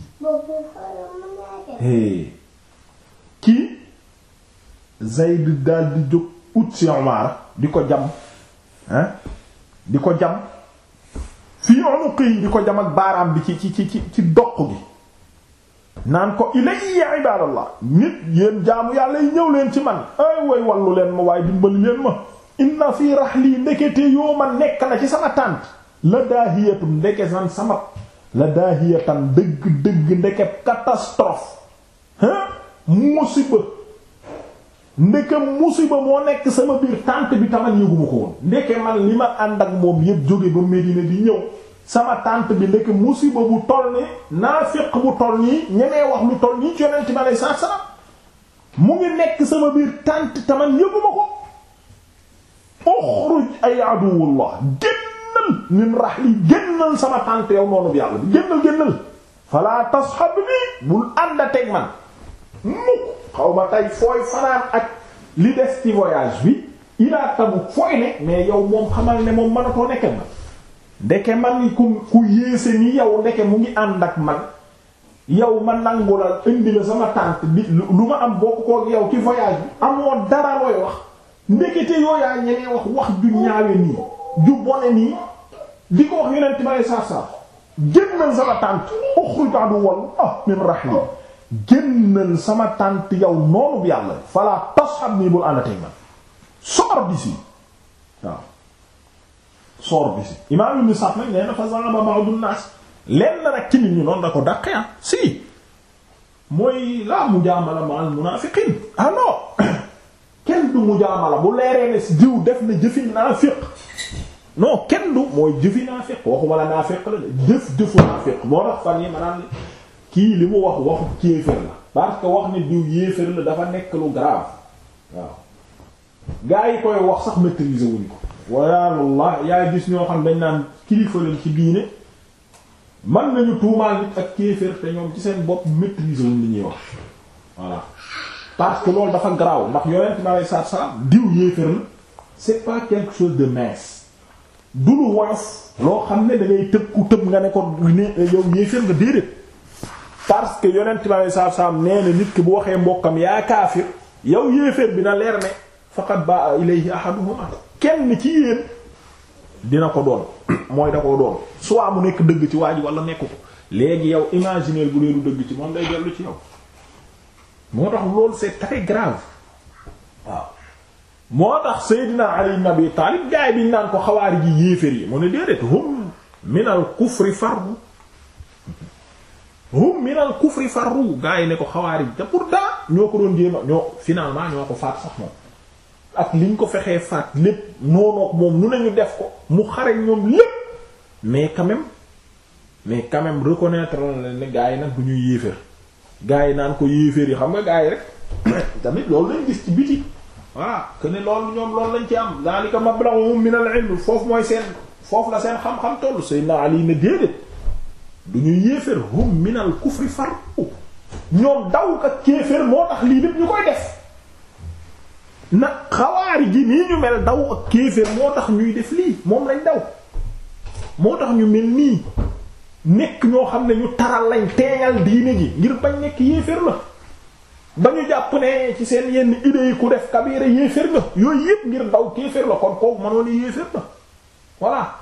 kii Zayd daal di jóg ut ci Umar di ko jam hein di ko jam fi unuqi di ko jam ak baaraam bi ci ci ci ci doq gi naan ko ilayya ibadallah nit yéen jaamu yàlla yi ñëw leen ci man ay way wallu leen ma waaye dimbali leen ma inna fi rahli ndekete yoo ma nekk na ci sama tànt la daahiyatum ndeke sama la daahiyatan dëgg dëgg ndeke catastrophe hein musiba ndeke musiba moo nekk sama biir tànt bi taman yëguma ko woon ndeke man li ma ànd ak moom yépp jóge ba Medina di ñëw sama tànt bi ndeke musiba bu toll ni naafiq bu toll nii ñemee wax lu toll nii ci yonent bi aleyhi salaatu salaam mu ngi nekk sama biir tànt taman yëguma ko uxruj ay aduwullah génnal min rahli génnal sama tànt yow noonu bi yàlla bi génnal génnal fala tasxab bi bul ànd a teg man mukk xaw ma tey fooy fanaan ak li des ci voyage bi ilaa Tabuk fooy ne mais yow moom xamal ne moom mënatoo nekke man ndeke man ku ku yéese ni yow ndeke mu ngi ànd ak man yow ma nangu la indi la sama tànt bi lu ma am bokk koog yow ci voyage bi amoo dara looy wax ndekete yooyaa ñenee wax wax ju ñaawe nii ju bone nii di ko wax yeneen ci ma lay saaf génnal sama tànt uxruj adu wallah min rahim génnal sama tànt yow noonu yàlla fala tashab nii bul àndatee soor bi si waaw soor bi si imaam ibn Sa'd nag nee na fa za'ama ba'du naas lenn nag ci nit ñu noonu da ko dàqee ah si mooy laa mujaamala ma'al munaafiqiin ah kenn du mujaamala bu leeree ne si diw def na jëfi naafiq non kenn du mooy jëfi naafiq waxuma la naafiq jëf jëfu naafiq moo tax fan yi maanaam kii li mu wax waxu kéefër la parce que wax ni diw yéefër la dafa nekk lu grave waaw gaa yi koy wax sax maîtriser wuñ ko wayalullah yaa gis ñoo xam dañ naan kilifa lañ ci diine man nañu tuumaal nit ak kéefër te ñoom ci seen bopp maîtriser wuñ li ñuy wax voilà parce que loolu dafa grave ndax yonent bi alei satu salaam diw yéefër la c'est pas quelque chose de mince du lu woyof loo xam ne da ngay tëb ku tëb nga ne ko ne yow yéefër nga déedéet parce que yonent bi alayhi salaatu salaam na nit ki bu waxee mbokkam yaa kaafir yow yéeféer bi na leer ne faqad baa ilayhi ahaduhuma kenn ci yéen dina ko doon mooy da koo doon soit mu nekk dëgg ci waa ji wala nekk ko léegi yow imaginer bu leenu dëgg ci moom day dellu ci yow moo tax loolu c'est très grave waaw moo tax Seydina Ali ibn Abi Talib gaay biñ naan ko xawaari ji yéeféer yi mu ne déedéet hum minal kufri farbu hum minal kufri farru gaa yi ne ko xawaari te pourtant ñoo ko doon jéema ñoo finalement ñoo ko faat sax moom ak liñ ko fexee faat lépp noonoog moom nu nañu def ko mu xare ñoom lépp mais quand mais quand même reconnaître ne gaa yi nag ñuy yéeféer gaa yi naan ko yéeféer yi xam nga gaa yi rek tamit loolu lañ gis ci biti voilà que ne loolu ñoom loolu lañ ci am daalika mablaghuhum minal ilm foofu mooy seen foofu la seen xam-xam tollu Seydina Ali ne déedéet du ñu yéeféer hum minal kufri farru ñoom daw ka kéeféer moo tax lii lépp ñu koy def nag xawaari ji nii ñu mel daw ak kéeféer moo tax ñuy def lii moom lañ daw moo tax ñu mel nii nekk ñoo xam ne ñu taral lañ teeñal diine ji ngir bañ nekk yéeféer la ba ñu jàpp ne ci seen yenn idées yi ku def kabira yéeféer la yooyu yépp ngir daw kéeféer la kon kooku mënoon yéeféer la voilà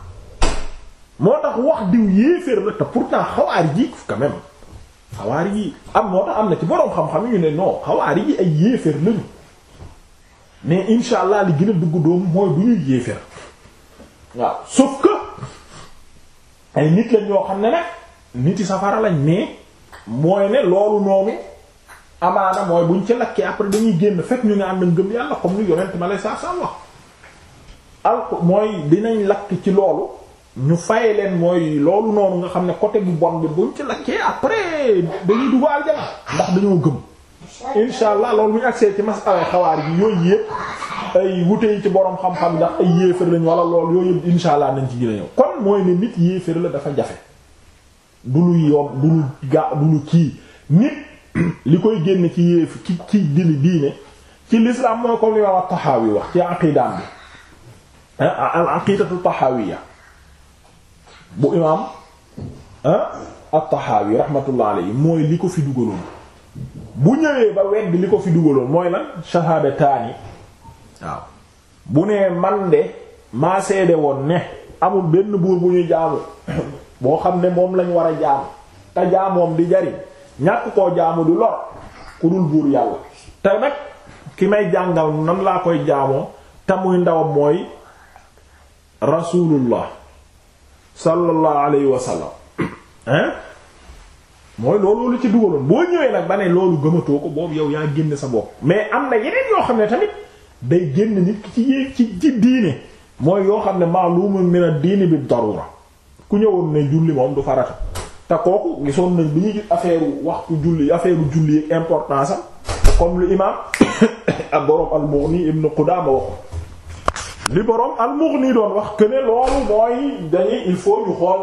moo tax wax diw yéeféer la te pourtant xawaar yi quand même xawaar yi am moo tax am na ci boroom xam-xam yu ne non xawaar yi ay yéeféer lañu mais insha allah li gën a dugg doom mooy du ñuy yéeféer waaw sauf que ay nit lañ yoo xam ne nag niti safara lañ mais mooy ne loolu noonu amaana mooy buñ ci lakkee après dañuy génn fekk ñu nga am nañ gëm yàlla comme ni yonent ma lay saa saa wax alko mooy dinañ lakk ci loolu ñu faye leen mooy loolu noonu nga xam ne côté bu bon bi ñu ci lakkee après dañuy dugg aljana ndax dañoo gëm insha allah loolu muñu accès ci masala xawaar yi yooyu yëpp ay wute ci borom xam-xam ndax ay yéefér lañ wala lool yooyu yëpp insha allah nañ ci gën a ñëw kon mooy ne nit yéefér la dafa jafe du lu yom du lu ga du lu kii nit li koy génn ci yéef ci ci dili diine ci l'islam mooy comme li wax Tahawi wax ci aqidaam bi al aqidatu tahawiyya bu imaam ah, at-Tahawi rahmatullah mooy li ko fi dugaloon bu ñëwee ba wedd li ko fi dugaloon mooy lan shahaadataani waaw bu nee man de maa seede woon ne amul benn buur bu ñuy jaamu boo xam ne moom lañu war a jaamu te jaamoom di jariñ ñàkk koo jaamu du lor ku dul buur yàlla te nag ki may jàngal nan laa koy jaamoo te muy ndawam mooy rasulullah sallallahu alayhi wa sallam hein mooy loolu lu ci dugaloon boo ñëwee nag ba ne loolu gëmatoo ko boobu yow yaa génn sa bopp mais am na yeneen yoo xam ne tamit day génn nit ki ci yéeg ci ci diine mooy yoo xam ne ma'lumun min ad-diini bi darura ku ñëwoon ne julli moom du farata te kooku gisoon nañ bi ñuy gis affaire waxtu julli affaire julli importance comme lu imaam ab borom al-Mughni ibn Qudaama waxoon li boroom al-Mughni doon wax que ne loolu mooy dañuy il faut ñu xool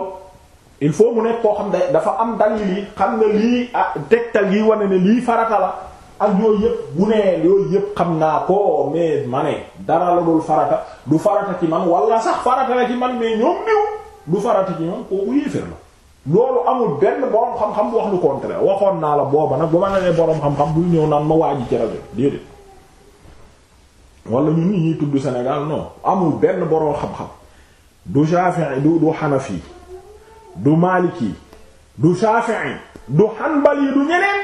il faut mu nekk koo xam ne dafa am dalil yi xam ne lii ah tegtal gi wane ne lii farata la ak yooyu yëpp bu nee yooyu yëpp xam naa ko mais ma ne dara la dul farata du farata ci man wala sax farata la ci man mais ñoom néew du farata ci man kooku yéefér la loolu amul benn boroom xam-xam wax lu contraire waxoon naa la booba nag ba ma ne boroom xam-xam bu ñëw naan ma waaji ci rajo wala ñun ñi ñuy tudd Sénégal non amul benn boroom xam-xam du Shafi'i du du Hanafi du Maliki du Shafi'i du Hanbali du ñeneen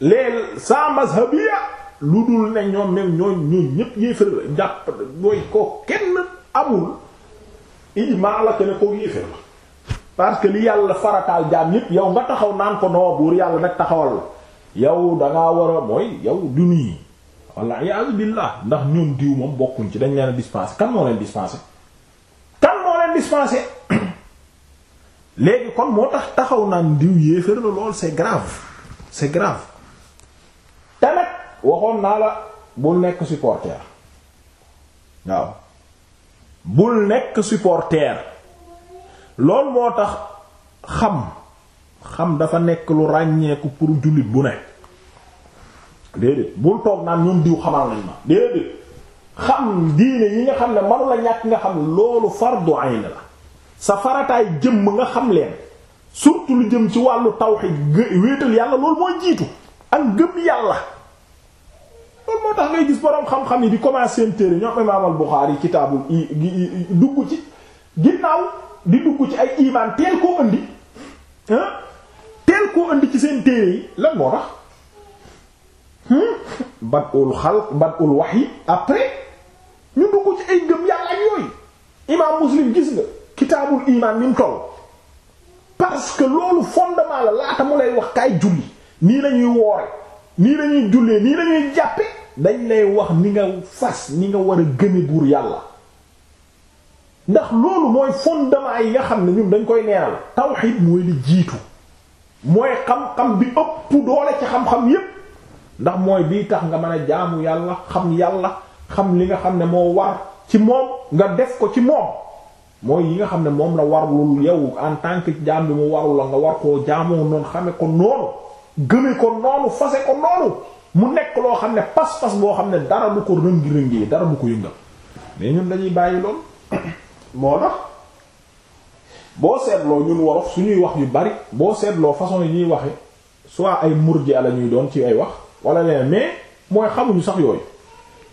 les sa mazhabiya lu dul ne ñoom même ñoo ñoo ñépp yéefar la jàpp booy ko kenn amul ijmaa la que ne ko yéefar la parce que li yàlla farataal jaam yépp yow nga taxaw naan ko noo buur yàlla nag taxawal yow danga war a mooy yow du nii walla iyaazu billah ndax ñoom diw moom bokkuñ ci dañ leen a dispensé kan moo leen dispensé kan moo leen dispensé léegi kon moo tax taxaw naan diw yéefér la lool c'est grave c'est grave te nag waxoon naa la bul nekk supporter waaw bul nekk supporter lool moo tax xam xam dafa nekk lu ràññeeku pour jullit bu nekk déedéet bul toog naa ñoom diw xamal nañ ma déedéet xam diine yi nga xam ne manu la ñàkk nga xam loolu fardu ayn la sa farataay jëmm nga xam leen surtout lu jëm ci wàllu tawhid wéetal yàlla loolu mooy jiitu ak gëm yàlla loolu moo tax ngay gis boroom xam-xam yi di commencer seen téere ñoom imaam al-Bukhari kitaabul dugg ci ginnaaw di dugg ci ay iman teel koo indi teel koo indi ci seen téere yi lan moo tax Hmm? badul xalq badul wahyi après ñu dugg ci ay gëm yàlla ak yooyu imaam muslim gis nga kitaabul imaan ni mu toll parce que loolu fondement la laata mu lay wax kaay julli nii lañuy woore nii lañuy jullee nii lañuy jàppe dañ lay wax ni nga fas ni nga war a gëni buur yàlla ndax loolu mooy fondement yi nga xam ne ñun dañ koy neeral tawxiid mooy li jiitu mooy xam-xam bi ëpp doole ci xam-xam yépp ndax mooy bii tax nga mën a jaamu yàlla xam yàlla xam li nga xam ne moo war ci moom nga def ko ci moom mooy yi nga xam ne moom la warlul yow en tant que jaam bi mu warul la nga war koo jaamoo noonu xame ko noonu gëme ko noonu fase ko noonu mu nekk loo xam ne pas-pas boo xam ne dara du ko rëngi-rëngi dara du ko yëngal mais ñun dañuy bàyyi lool moo tax boo seetloo ñun worof suñuy wax yu bari boo seetloo façon yi ñuy waxe soit ay murji la ñuy doon ci ay wax wala leen mais mooy xamuñu sax yooyu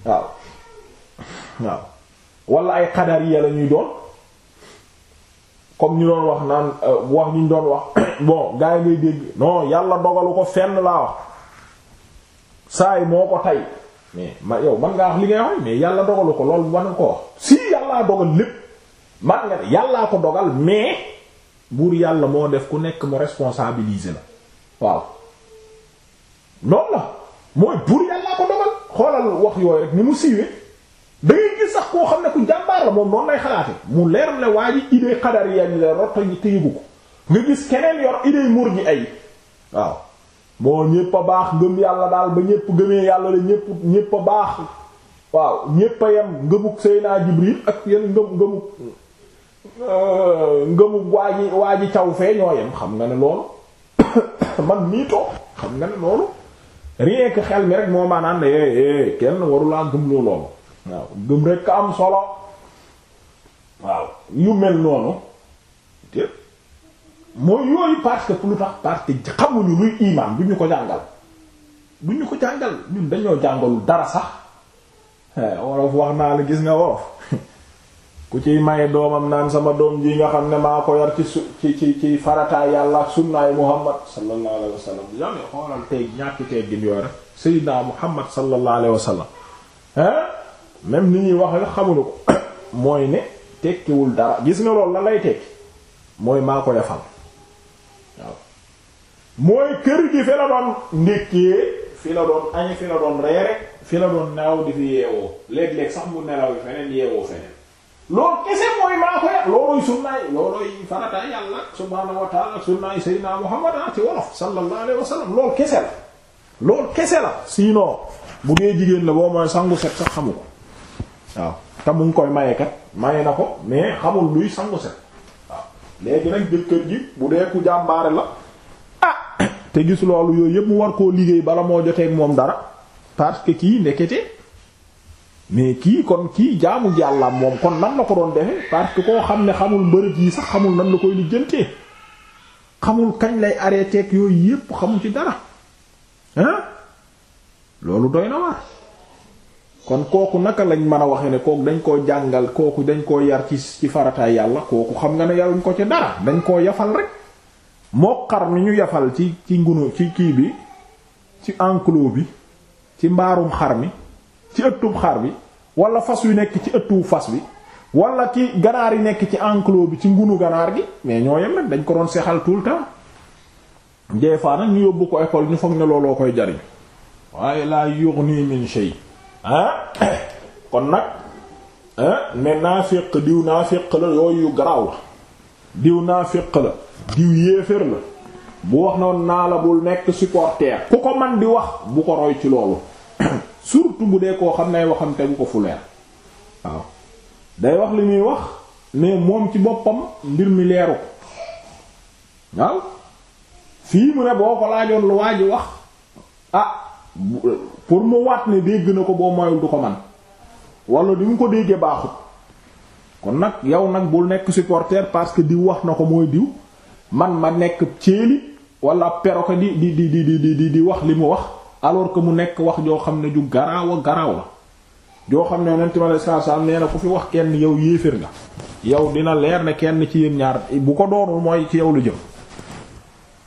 waaw waaw wala ay xadariya la ñuy doon comme ñu doon wax naan euh, wax ñu doon wax bon gaa yi ngay dégg non yàlla dogalu ko fenn laa wax saa yi moo ko tay mais ma yow man nga wax li ngay wax mais yàlla dogalu ko loolu war nga ko wax si yàllaa dogal lépp man nga yàllaa ko dogal mais buur yàlla moo def ku nekk mu responsabiliser la waaw noonu la mooy buur yàllaa ko dogal xoolal wax yooyu rek ni mu siiwee da gis sax koo xam ne ku jàmbaar la moom noonu lay xalaate mu leer ne waa ji idée qadariya yi la rotta ñi téyigu ko nga gis keneen yor idée mur ji ay waaw moo ñépp a baax ngëm yàlla daal ba ñépp gëmee yàlla la ñépp ñépp a baax waaw ñépp a yem ngëmug Seydina Jibril ak yan ngëm ngëmug euh, ngëmug waa ji waa ji caw fee ñoo yem xam nga ne loolu man mii toog xam nga ne loolu rien xel mi rek moo maanaan ne eh, eh, kenn warulaa gëm loo waaw gëm rek ka am solo waaw yu mel noonu te mooy yooyu parce que lu tax parce que xamuñu luy iman du ñu ko jàngal du ñu ko jàngal ñun dañoo jàngalu dara sax eh, wolof wax naa la gis nga wolof ku ciy maye doomam naan sama doom jii nga xam ne maa ko yar ci su ci ci ci farataay yàlla ak sunnaay muhammad sallallahu alayhi wa sallam jamais xoolal tey ñàkk teggin yooyu rek sayyidina muhammad hein même ni ñuy wax rek xamuñu ko mooy ne tekkiwul dara gis nga loolu la lay tekki mooy maa ko defal mooy kër gi fi la doon ndékkee fi la doon añ fi la doon reere fi la doon nelaw di fi yeewoo léeg-léeg sax mu nelaw yi feneen yeewoo feneen lool kese mooy maa ko yàq loolooy sunnaay loolooy farataay yàlla subhaanahu wa sunnaay sayyidina Muhammad ah, ci wolof sallallahu alayhi wa kese la loolu kese bu dee jigéen la boo mooy sangu set sax xamu ko waaw te mu ngi koy maye kat maye na ko mais xamul luy sangu set waaw léegi nag jëkkër ji bu dee ku jàmbaare la ah te gis loolu yooyu yëpp mu war koo liggéey bala moo joteeg moom dara parce que kii ndekete mais kii kon kii jaamu yàlla moom kon nan la ko doon defee parce que koo xam ne xamul bërëb yi sax xamul nan la koy lijjantee xamul kañ lay arrêté ak yooyu yépp xamu ci dara loolu doy na waar kon kooku naka lañ mën a waxe ne kooku dañ koo jàngal kooku dañ koo yar ci ci farataay yàlla kooku xam nga ne yaruñ ko ci dara dañ koo yafal rek moo xar mi ñu yafal ci ci ngunu ci kii bi ci enclos bi ci mbaarum xar mi ci ëttub xar bi wala fas yu nekk ci ëttu fas bi walla ki ganaar yi nekk ci enclos bi ci ngunu ganaar gi mais ñoo yem dañ ko doon seexal tout le temps des fois nag ñu yóbbu ko école ñu foog ne looloo koy jariñ waaye laa yughni min shay ah kon nag ah ne naafiq diw féq la yooyu garaaw la diw naafiq la diw yéeféer la bu wax noonu naa la bul nekk supporter ku ko man di wax bu ko roy ci loolu surtout bu dee koo xam ne ay waxam tegu ko fu leer waaw day wax li muy wax mais moom ci boppam mbir mi leeru ko waaw fii mu ne boo ko laajoon lu waa ji wax a ah, pour mu waat ne dégg na ko boo moyul du ko man wala di mu ko déggee baaxut kon nag yow nag bul nekk supporter parce que diw wax na ko mooy diw man ma nekk céeli wala perroquet di di di di di di wax li mu wax alors que mu nekk wax joo xam ne ju garaaw a garaaw la joo xam ne yonent mi alayhi salaam nee na ku fi wax kenn yow yéefér nga yow dina leer ne kenn ci yéen ñaar bu ko doonul mooy ci yow lu jëm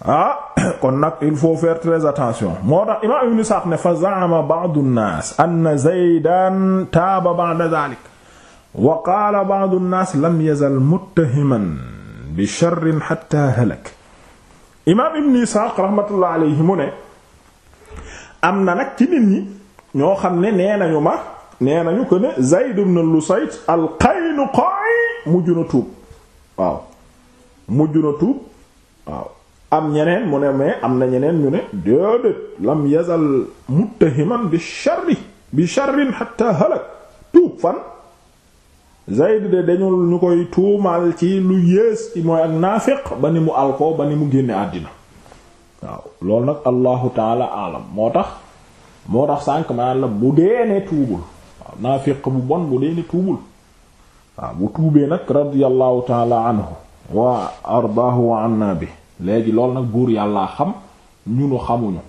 ah kon nag il faut faire très attention moo tax imam ibn Sa'd ne fa za'ama ba'du an-nas anna Zaydan taaba ba'da dhalik wa qaala ba'du an-nas lam yazal muttahiman bi sharrin hatta halak imam ibn Sa'd rahmatullah alayhi ne am na nag ci nit ñi ñoo xam ne nee nañu ma nee nañu ko ne Zayd ibn Lusayt al-Qaynuqa'i mujj na tuub waaw mujj na tuub waaw am ñeneen mu ne mais am na ñeneen ñu ne déedéet lam yazal muttahiman bi sharri bi sharrin hatta halak tuub fan Zayd de dañul ñu koy tuumal ci lu yées ci mooy ak naafiq ba ni mu alko ba ni mu génne àddina waaw loolu nag allahu taala alam moo tax moo tax sànq maanaam la bu dee ne tuubul waaw naafiq bu bon bu dee ne tuubul waaw bu tuubee nag radiyallahu taala anhu waa ardaahu wa anna bi léegi lool nag buur yàllaa xam ñunu xamuñu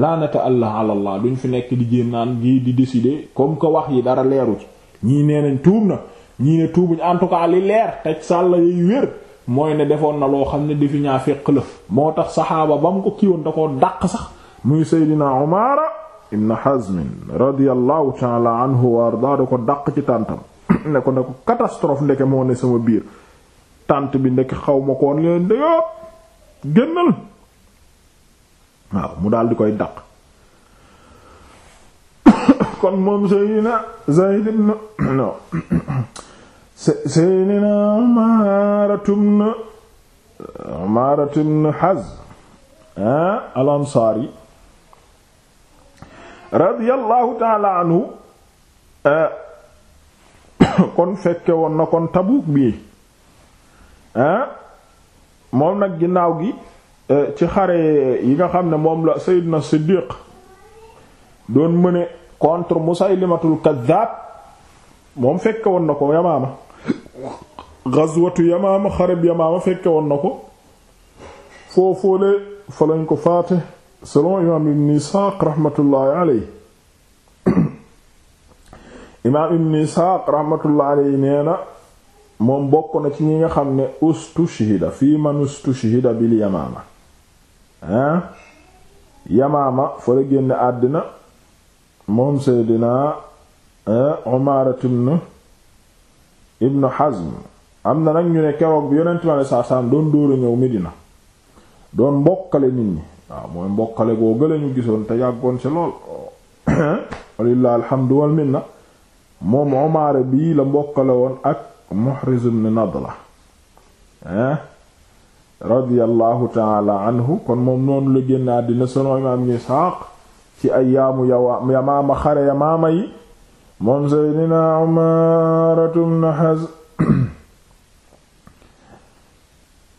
laa nata'alla ala allah duñ fi nekk di jéem naan gi di décider comme que wax yi dara leeru ci ñii nee nañ tuub na ñii ne tuubuñ en tout cas li leer tej sàlla wér mooy ne defoon na loo xam ne defi ñaa fekk la moo tax saxaaba ba mu ko kiiwoon da koo dàq sax muy Seydina Umaara ibn Hazm radiyallahu ta'ala anhu wa ko dàq ci tàntam ne ko ne ko catastrophe ndeke moo ne sama biir tànt bi ndeke xaw ma koon leen ndeyoo génnal waaw mu daal di koy dàq kon moom Seydina Zayd no seydina umaaratum na umaaratum na Hazm ah, al ansaari radiyallahu taala anhu ah, kon fekke woon kon Tabuuk bi ah, moom nag ginnaaw gi eh, ci xare yi nga xam ne moom la seydina Siddiq doon mëne contre Musaylimatul Kaddaab moom fekke woon na ko Yamaama gazwatu yamaama xareb yamaama fekke woon na ko foofóole fa ko faate selon imaam ibn isxaaq raxmatullaahi aley imaam ibn isxaaq raxmatullaahi aley nee moom bokk na ci ñi nga xam ne ustushhida fii man ustushhida bil yamaama ah yamaama fa la àddina moom seydinaa umaaratum na Ibn Hazm am na nag ñu ne keroog bi yonent mi alayhi salaam doon dóora ñëw Medina doon mbokkale nit ñi waaw mooy mbokkale goo gële gisoon te yàggoon ci lool walillahi alhamdu wal minna moom Umaara bii la mbokkale woon ak Muhriz ibn Nadla hein eh? radiyallahu taala anhu kon moom noonu la génn àddina sunu imaam Isxaaq ci ay yaamu yamaama xare yamaama yi moom seydina umaaratu bnu hazn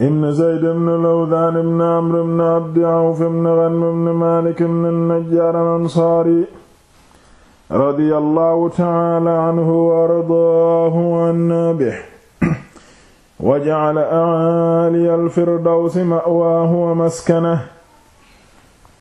ibn zayd bnu lawdaan bnu amr bnu abdi awf bnu ghanm bnu maalik bnu najjaar al-ansaari radiyallahu ta'aala anhu wa ardaahu anna bihi wa ja'ala a'aali al-firdawsi ma'waahu wa maskanahu